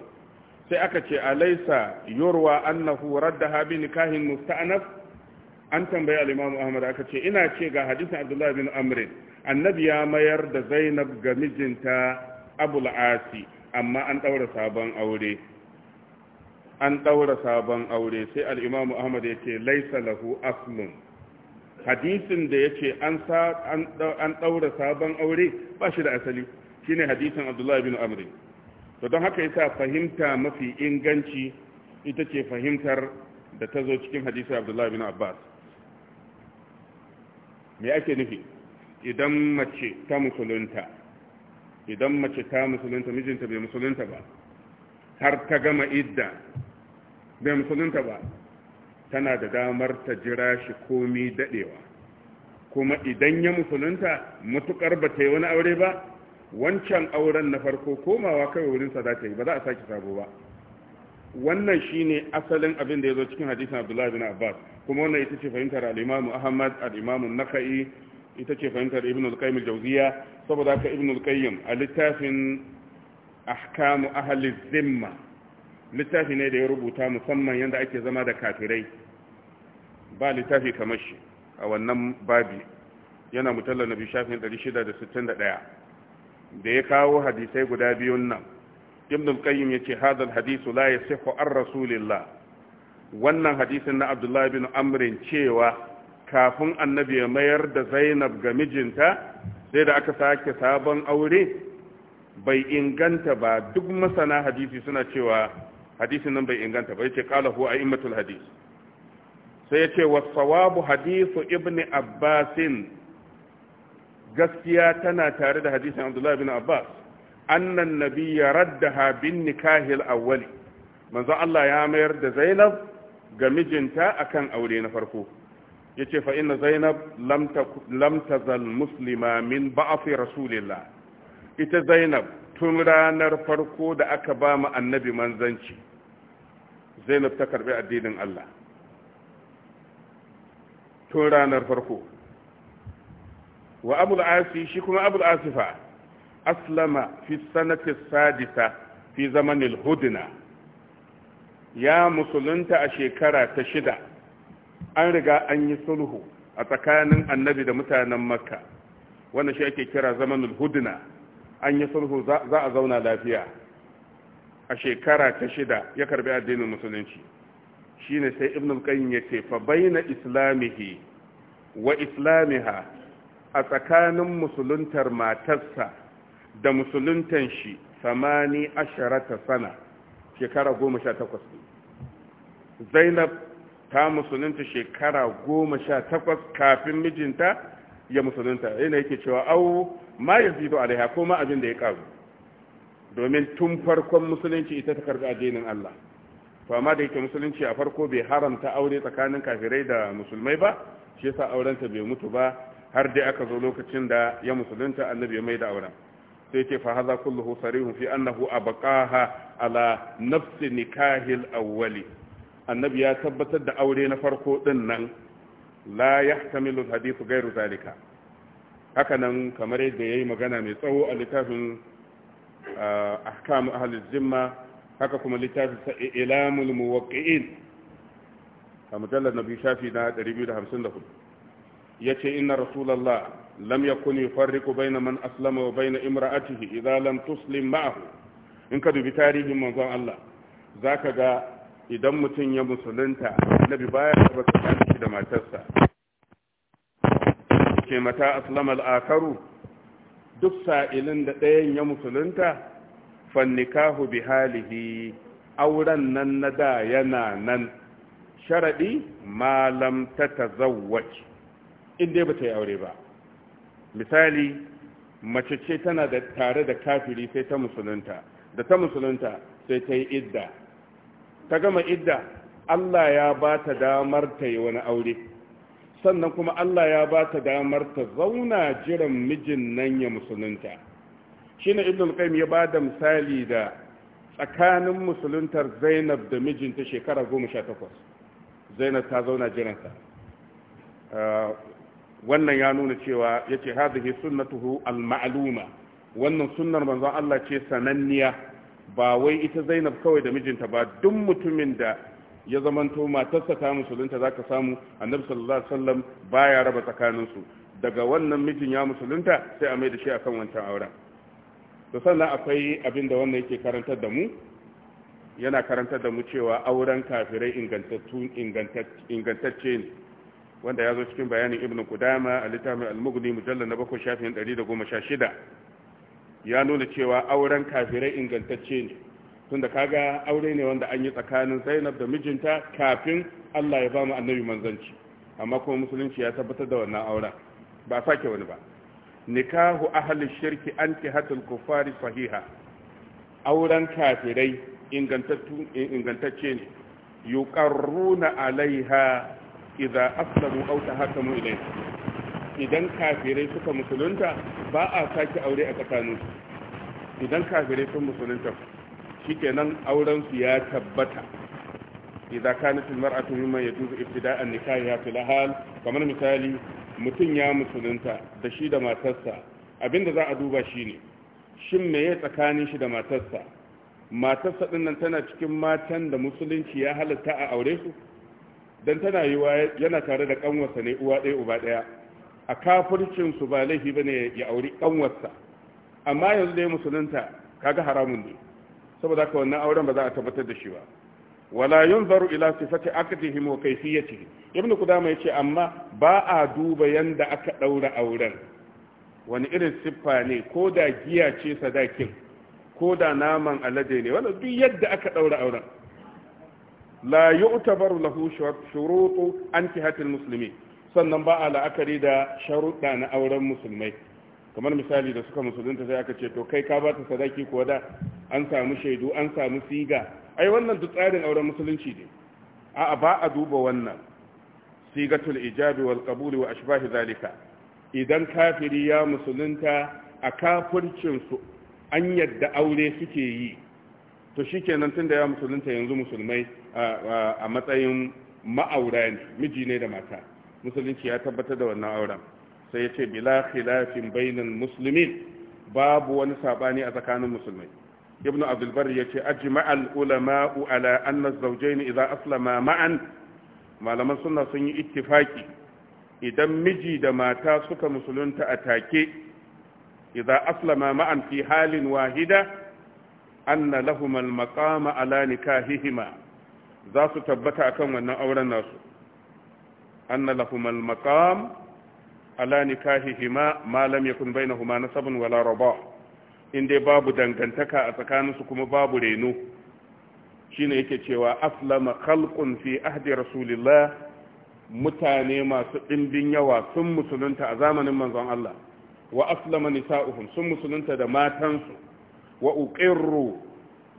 sai aka ce alaysa yurwa annahu raddaha bi nikahin musta'naf an tambaye al-imamu ahmad aka ce ina ce ga hadisin abdullahi bin amr annabi ya mayar da zainab ga mijinta abul asi amma an daura sabon aure an ɗaura sabon aure sai al'imamu ahmad ya ce laisa lahu aslun hadisin da ya ce an ɗaura sabon aure ba shi da asali shine hadisin abdullahi bin amri to don haka yasa fahimta mafi inganci ita ce fahimtar da ta zo cikin hadisin abdullahi bin abbas me ake nufi idan mace ta musulunta idan mace ta musulunta mijinta bai musulunta ba har ta gama idda bai musulunta ba tana da damar ta jira shi komi dadewa kuma idan ya musulunta matukar ba ta yi wani aure ba wancan auren na farko komawa kawai wurinsa za ta yi ba za a sake sabo ba wannan shine asalin abin da ya zo cikin hadisin abdullahi bin abbas kuma wannan ita ce fahimtar al'imamu ahmad al'imamu naka'i ita ce fahimtar ibn al-qayyim al-jawziya saboda haka ibn al-qayyim a littafin ahkamu ahli zimma littafi ne da ya rubuta musamman yadda ake zama da kafirai ba littafi kamar shi a wannan babi yana na biyu shafin 661 da ya kawo hadisai guda biyun nan ibn al-qayyim yace hadal hadisu la sifo an rasulillah wannan hadisin na abdullahi bin amrin cewa kafin annabi ya mayar da zainab ga mijinta sai da aka sake sabon aure bai inganta ba duk masana hadisi suna cewa hadisin nan bai inganta ba yace kala huwa a'immatul hadis sai yace was-sawabu hadisu ibni abbasin gaskiya tana tare da hadisin abdullah ibn abbas annan nabiyya raddaha bin nikahil awwali manzo Allah ya mayar da Zainab ga mijinta akan aure na farko yace fa inna Zainab lam tazal muslima min ba'fi rasulillah ita Zainab tun ranar farko da aka ba mu annabi manzanci zainab ta karbi addinin Allah tun ranar farko wa abul asi shi kuma abul asifa aslama fi sanati sadisa fi zamanil hudna ya musulunta a shekara ta shida an riga an yi sulhu a tsakanin annabi da mutanen makka wannan shi ake kira zamanul hudna an yi sulhu za a zauna lafiya a shekara ta shida ya karbi addinin musulunci shine sai ibn qayyim ce fa baina islamihi wa islamiha a tsakanin musuluntar matarsa da musuluntan shi samani ta sana shekara goma zainab ta musulunta shekara goma sha takwas kafin mijinta ya musulunta yana yake cewa au ma yazidu alaiha ko ma abin da ya karu domin tun farkon musulunci ita ta karbi addinin Allah to amma da yake musulunci a farko bai haramta aure tsakanin kafirai da musulmai ba shi yasa aurenta bai mutu ba har dai aka zo lokacin da ya musulunta annabi ya mai da auren sai ce fa haza kulluhu sarihun fi annahu abqaha ala nafsi nikahil awwali annabi ya tabbatar da aure na farko din nan la yahtamilu alhadithu ghairu zalika hakanan kamar yadda ya yi magana mai tsawo a littafin ah, ahkam ahli zimma haka kuma littafin sa ilamul muwaqqi'in a mujallar nabi shafi na 254 yace inna rasulullah lam yakun bai na man aslama wa baina imra'atihi idza lam tuslim ma'ahu in ka dubi tarihin manzon Allah za ka ga idan mutum ya musulunta annabi baya raba da matarsa ke mata aslama al'akaru duk sa'ilin da ɗayan ya musulunta fannikahu bi halihi auren nan na da yana nan sharaɗi malam ta tazawwaj inda ba ta yi aure ba misali mace ce tana da tare da kafiri sai ta musulunta da ta musulunta sai ta yi idda ta gama idda Allah ya ba ta damar ta yi wani aure sannan kuma Allah ya ba ta damar ta zauna jiran mijin nan ya musulunta shine ibn ƙa'im ya ba da misali da tsakanin musuluntar Zainab da mijinta shekara 18 Zainab ta zauna jiransa ah, wannan ya nuna cewa ya yace hadhihi sunnatuhu al maaluma wannan sunnar manzon Allah ce sananniya ba wai ita Zainab kawai da mijinta ba duk mutumin da ya zamanto matarsa ta musulunta zaka samu annabi sallallahu alaihi wasallam baya raba tsakaninsu daga wannan mijin ya musulunta sai a mai da shi akan wancan auren to sannan akwai abin da wannan yake karantar da mu yana karantar da mu cewa auren kafirai ingantacce ne wanda ya zo cikin bayanin Ibnu kudama a littafin al-mughni mujallal na bakwai shafin 116 ya nuna cewa auren kafirai ingantacce ne tunda kaga aure ne wanda an yi tsakanin Zainab da mijinta kafin Allah ya ba mu annabi manzanci amma kuma musulunci ya tabbatar da wannan auren ba sake wani ba nikahu ahli shirki anki hatul kufari sahiha auren kafirai ingantacce ne yuqarruna alaiha idza aslamu aw tahakamu ilayhi idan kafirai suka musulunta ba a sake aure a tsakaninsu idan kafirai sun musulunta shikenan auren su ya tabbata idza kanat almar'atu mimman yajuzu ibtida'an nikahiha fi lahal kamar misali mutum ya musulunta da shi da matarsa abinda za a duba shine shin me ya tsakanin shi da matarsa matarsa din nan tana cikin matan da musulunci ya halatta a aure su dan tana yiwa yana tare da kanwarsa ne uwa ɗaya uba ɗaya a kafircin su ba laifi bane ya auri kanwarsa amma yanzu dai musulunta kaga haramun ne saboda haka wannan auren ba za a tabbatar da shi ba wala yunzaru ila sifati aqdihim wa kayfiyatihi ibn qudama yace amma ba a duba yanda aka daura auren wani irin siffa ne ko da giya ce sadakin ko da naman alade ne wala duk yadda aka daura auren la yu'tabaru lahu shurutu ankihatil muslimin sannan ba a la'akari da sharuɗa na auren musulmai kamar misali da suka musulunta sai aka ce to kai ka ba ta sadaki kuwa da an samu shaidu an samu siga ai wannan duk tsarin auren musulunci ne a'a ba a duba wannan sigatul ijabi wal qabuli wa ashbahi zalika idan kafiri ya musulunta a kafircin su an yadda aure suke yi to shikenan tunda ya musulunta yanzu musulmai a matsayin ma'aura miji ne da mata musulunci ya tabbatar da wannan auren sai ya ce bila khilafin bainal musulmin babu wani sabani a tsakanin musulmai ibn abdulbar ya ce ajma'al ulama'u ala anna zawjayn idza aslama ma'an malaman sunna sun yi ittifaki idan miji da mata suka musulunta a take idza aslama ma'an fi halin wahida anna lahum al maqama ala nikahihima za su tabbata akan wannan auren nasu anna lahum maqam ala nikahihima ma lam yakun bainahuma nasabun wala raba in dai babu dangantaka a tsakaninsu kuma babu reno shine yake cewa aslama khalqun fi ahdi rasulillah mutane masu dimbin yawa sun musulunta a zamanin manzon Allah wa aslama nisa'uhum sun musulunta da matansu wa uqirru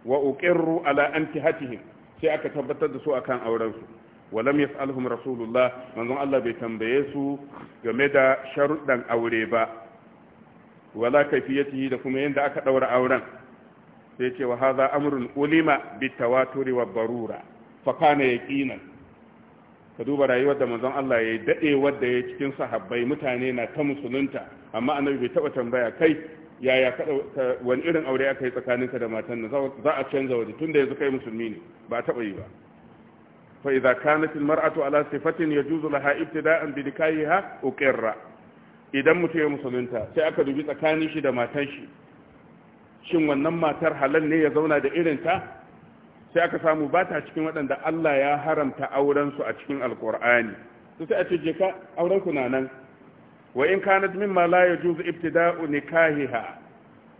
wa uqirru ala antihatihim sai aka tabbatar da su akan aurensu walam yas'alhum rasulullah manzon Allah bai tambaye su game da sharuɗan aure ba wala kaifiyatihi da kuma yanda aka daura auren sai ce wa hadha amrun ulima bitawaturi wa barura fa kana yaqinan ka duba rayuwar da manzon Allah ya dade wanda ya cikin sahabbai mutane na ta musulunta amma annabi bai taba tambaya kai yaya wani irin aure aka yi tsakaninka da matan za a canza waje tunda yanzu kai musulmi ne ba taba yi ba فإذا كانت المرأة على mar'atu ala لها ابتداء laha ibtida'an bi nikahiha uqirra idan mutum musulunta sai aka dubi tsakanin shi da matan shi shin wannan matar halal ne ya zauna da irin ta sai aka samu ba ta cikin waɗanda Allah ya haramta auren su a cikin alqur'ani to sai a ce je ka auren ku nan wa in kanat mimma la yajuzu ibtida'u nikahiha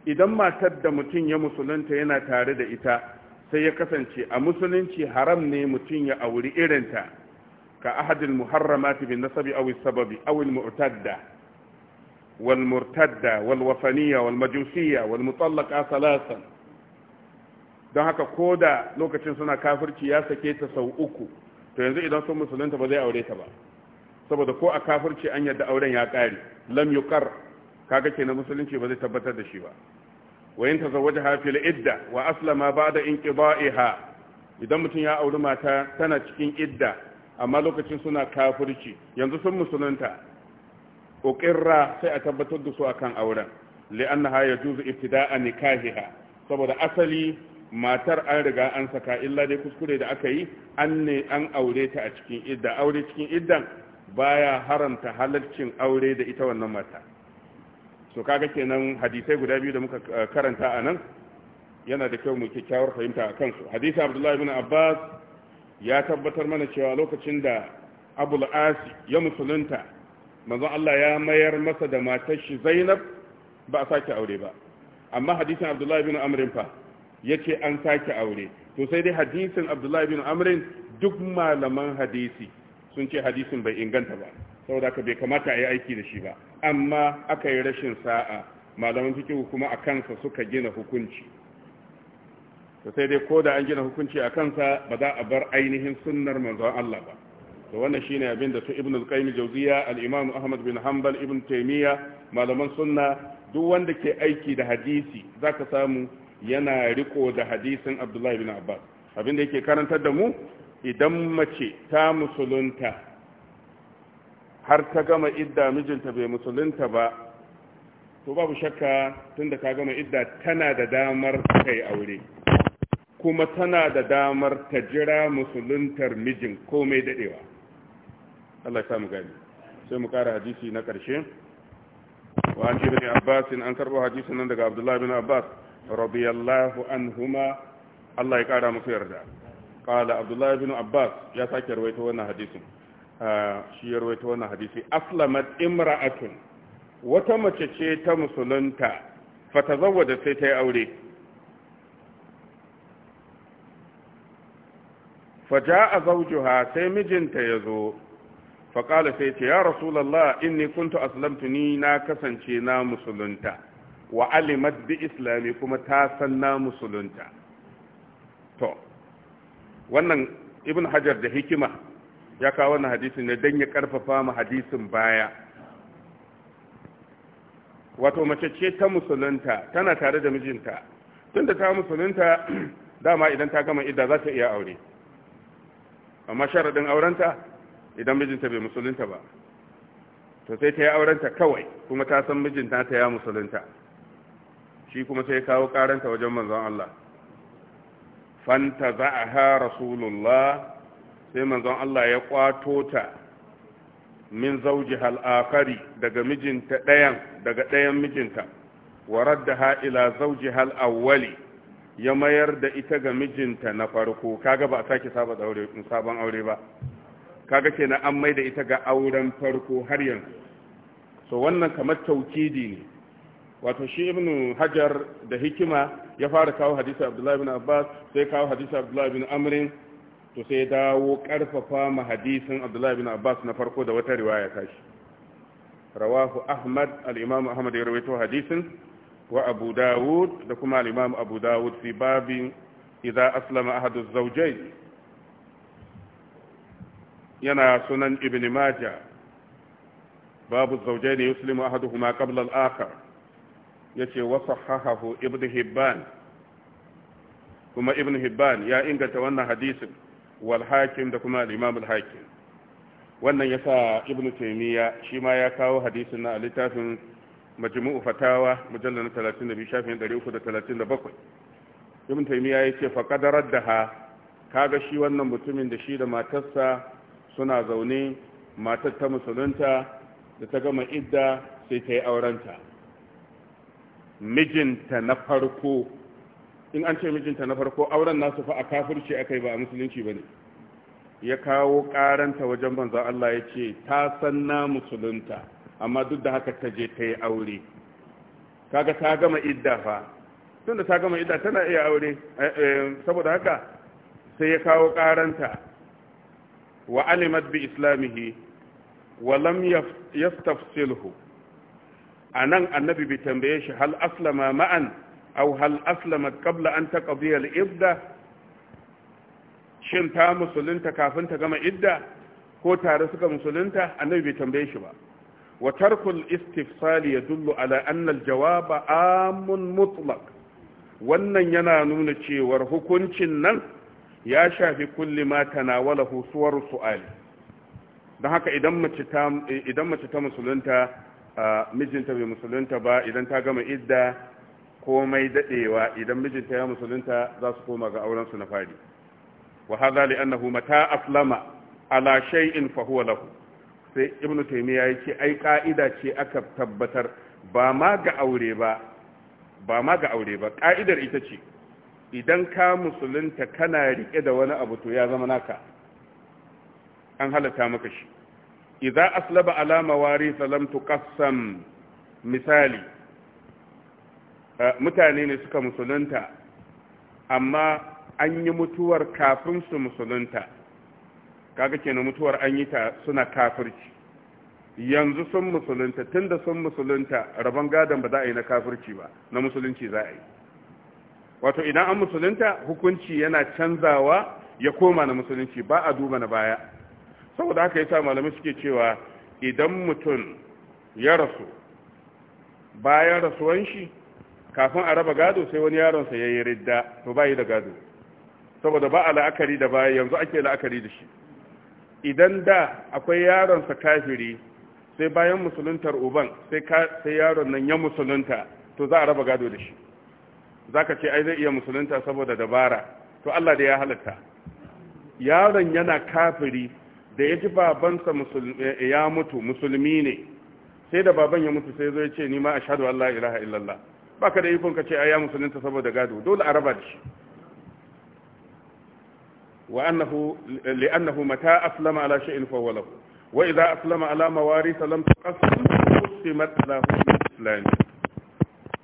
idan matar da mutum ya musulunta yana tare da ita sai ya kasance a musulunci haram ne mutum ya auri irinta ka ahadin ta bin nasabi aw sababi aw mu'tadda wal murtadda wal wal wal salasan don haka koda lokacin suna kafirci ya sake ta sau uku to yanzu idan sun musulunta ba zai aure ta ba saboda ko a kafirci an yadda auren ya kare lam yuqar kaga kenan musulunci ba zai tabbatar da shi ba wa in tazawwajaha fil idda wa aslama ba'da inqida'iha idan mutum ya auri mata tana cikin idda amma lokacin suna kafirci yanzu sun musulunta uqirra sai a tabbatar da su akan auren li'annaha yajuzu ibtida'a nikahiha saboda asali matar an riga an saka illa dai kuskure da aka yi an ne an aure ta a cikin idda aure cikin iddan baya haramta halarcin aure da ita wannan mata so kaga kenan hadisai guda biyu da muka eh, karanta a nan yana da kyau muke kyakkyawar fahimta a kansu hadisi abdullahi ibn abbas ya tabbatar mana cewa lokacin da abul asi ya musulunta manzon Allah ya mayar masa da matar shi zainab ba a sake aure ba amma hadisin abdullahi ibn amrin fa yace an sake aure to sai dai hadisin abdullahi ibn amrin duk malaman hadisi sun ce hadisin bai inganta ba saboda ka bai kamata a yi aiki da shi ba amma aka yi rashin sa'a malaman fikihu kuma a kansa suka gina hukunci ta sai dai ko da an gina hukunci a kansa ba za a bar ainihin sunnar manzon Allah ba to wannan shine abin da su ibn al-qayyim jawziya al-imam ahmad bin hanbal ibn Taimiyya, malaman sunna duk wanda ke aiki da hadisi zaka samu yana riko da hadisin abdullahi bin abbas abin da yake karantar da mu idan mace ta musulunta har ta gama idda mijinta bai musulunta ba to babu shakka tunda ka gama idda tana da damar kai aure kuma tana da damar ta jira musuluntar mijin komai dadewa Allah ya samu gani sai mu kara hadisi na karshe wa an ibn Abbas an karbo hadisin nan daga Abdullah bin Abbas radiyallahu anhuma Allah ya kara musu yarda qala Abdullah bin Abbas ya sake rawaito wannan hadisin shi ya rawaito wannan hadisi aslamat imra'atun wata mace ce ta musulunta fatazawwada sai ta yi aure a zawjuha sai mijinta ya zo faƙala sai ce ya rasulallah inni kuntu aslamtu ni na kasance na musulunta wa alimat bi islami kuma ta san na musulunta to wannan ibn hajar da hikima ya kawo wannan hadisin ne don ya karfafa mu hadisin baya wato mace ce ta musulunta tana tare da mijinta tunda ta musulunta dama idan ta gama idda za ta iya aure amma sharadin aurenta idan mijinta bai musulunta ba to sai ta yi aurenta kawai kuma ta san mijinta ta ya musulunta shi kuma sai kawo karanta wajen manzon Allah fanta za'aha rasulullah sai manzon Allah ya kwato ta min zauji al daga mijinta ɗayan daga ɗayan mijinta wa raddaha ila zauji al ya mayar da ita ga mijinta na farko kaga ba a sake saba daure sabon aure ba kaga kenan an mai da ita ga auren farko har yanzu so wannan kamar taukidi ne wato shi ibnu hajar da hikima ya fara kawo hadisi abdullahi bin abbas sai kawo hadisi abdullahi bin amrin to sai dawo karfafa ma hadisin abdullahi bin abbas na farko da wata riwaya ta shi rawahu ahmad al-imam ahmad ya rawaito hadisin wa abu dawud da kuma al-imam abu dawud fi babin idza aslama ahadu zawjayn yana sunan ibn majah babu zawjayn yuslimu ahaduhuma qabla al-akhar yace wa sahahahu ibn hibban kuma ibn hibban ya inganta wannan hadisin wal hakim da kuma al-imam al-hakim wannan yasa ibnu taymiya shi ma ya kawo hadisin na littafin majmu'u fatawa mujallal na 32 shafin 337 ibnu taymiya yace fa qadarar da ha kaga shi wannan mutumin da shi da matarsa suna zaune matar ta musulunta da ta gama idda sai ta yi aurenta mijinta na farko in an ce mijinta na farko auren nasu fa a kafirci yi ba a musulunci ba ne. ya kawo karanta wajen banza Allah ya ce ta san na musulunta amma duk da haka ta je ta yi aure kaga ta gama idda fa tunda ta gama idda tana iya aure eh, eh, saboda haka sai ya kawo karanta wa alimat bi islamihi wa lam yastafsilhu anan annabi bi tambaye shi hal aslama ma'an a hal aslamat qabla an taqdi al ibda shin ta musulunta kafin ta gama idda ko tare suka musulunta annabi bai tambaye shi ba wa tarkul istifsal yadullu ala anna al jawaba amun mutlaq wannan yana nuna cewar hukuncin nan ya shafi kulli ma tanawalahu suwar su'ali don haka idan mace ta musulunta mijinta bai musulunta ba idan ta gama idda komai dadewa idan mijinta ya musulunta za su koma ga auren su na fari wa hadha li annahu mata aslama ala shay'in fa huwa lahu sai ibnu taymiya yake ai ka'ida ce aka tabbatar ba ma ga aure ba ba ma ga aure ba ka'idar ita ce idan ka musulunta kana rike da wani abu to ya zama naka an halatta maka shi idza aslaba ala mawarith lam tuqassam misali Eh, mutane ne suka musulunta amma an yi mutuwar kafin su musulunta kaga kenan mutuwar an yi ta suna kafirci yanzu sun musulunta tunda sun musulunta rabon gadon ba za a yi na kafirci ba na musulunci za a yi wato idan an musulunta hukunci yana canzawa ya koma na musulunci ba a duba na baya saboda haka yasa malamai suke cewa idan mutum ya rasu bayan rasuwan shi kafin a raba gado sai wani yaronsa ya yi ridda to bayi da gado saboda ba a la'akari da baya yanzu ake la'akari da shi idan da akwai yaronsa kafiri sai bayan musuluntar uban sai yaron nan ya musulunta to za a raba gado da shi za ka ce ai zai iya musulunta saboda dabara to Allah da ya halatta yaron yana kafiri da ya ji babansa ya mutu musulmi ne sai da baban ya mutu sai zo ya ce ni ma ashhadu an la ilaha illallah baka da ikon ka ce ai ya musulunta saboda gado dole a raba da shi wa annahu li annahu mata aslama ala shay'in fa huwa lahu wa idha aslama ala mawarith lam tuqassam qasimat lahu islam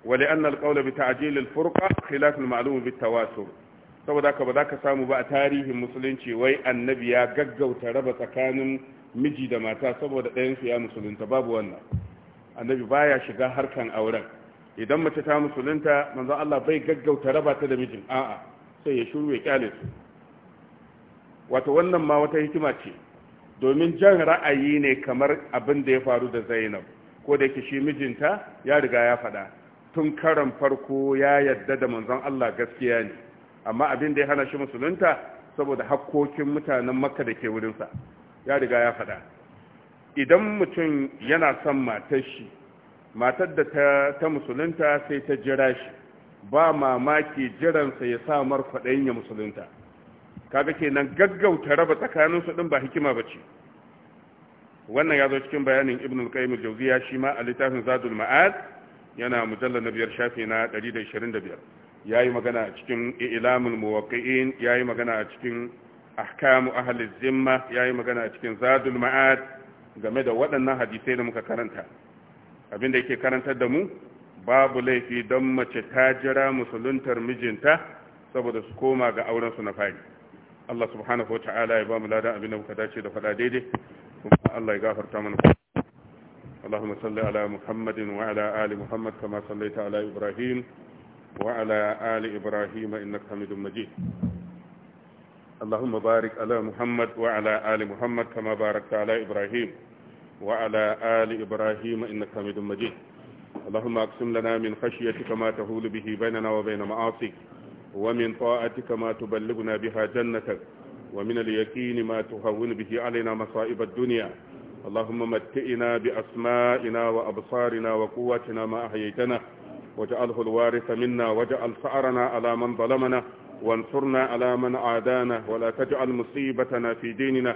wa li anna al-qawla bi ta'jil al-furqa khilaf al-ma'lum bi tawasur saboda ka ba za ka samu ba a tarihin musulunci wai annabi ya gaggauta raba tsakanin miji da mata saboda ɗayansu ya musulunta babu wannan annabi baya shiga harkan auren idan mace ta musulunta manzo Allah bai gaggauta raba ta da mijin a'a sai ya shuru ya kyale su wato wannan ma wata hikima ce domin jan ra'ayi ne kamar abin da ya faru da Zainab ko da yake shi mijinta ya riga ya faɗa tun karan farko ya yadda da manzon Allah gaskiya ne amma abin da ya hana shi musulunta saboda hakkokin mutanen Makka da ke wurinsa ya riga ya faɗa idan mutum yana son matar shi matar da ta musulunta sai ta jira shi ba mamaki jiransa ya sa kwaɗayin ya musulunta kaga kenan gaggauta raba tsakaninsu din ba hikima ba ce wannan ya zo cikin bayanin ibn al-qayyim al-jawziya shi ma a littafin zadul ma'ad yana mujallar na biyar shafi na 125 yayi magana a cikin ilamul muwaqqi'in yayi magana a cikin ahkamu ahli zimma yayi magana a cikin zadul ma'ad game da waɗannan hadisai da muka karanta abin da yake karantar da mu babu laifi don mace ta jira musuluntar mijinta saboda su koma ga aurensu na fari Allah subhanahu wata'ala ya ba mu ladan abin da muka dace da faɗa daidai kuma Allah ya gafarta mana اللهم صل على محمد وعلى آل محمد كما صليت على إبراهيم وعلى آل إبراهيم إنك حميد مجيد اللهم بارك على محمد وعلى آل محمد كما باركت على إبراهيم وعلى آل إبراهيم إنك حميد مجيد اللهم أقسم لنا من خشيتك ما تهول به بيننا وبين معاصيك ومن طاعتك ما تبلغنا بها جنتك ومن اليقين ما تهون به علينا مصائب الدنيا اللهم متئنا بأسمائنا وأبصارنا وقوتنا ما أحييتنا واجعله الوارث منا واجعل ثأرنا على من ظلمنا وانصرنا على من عادانا ولا تجعل مصيبتنا في ديننا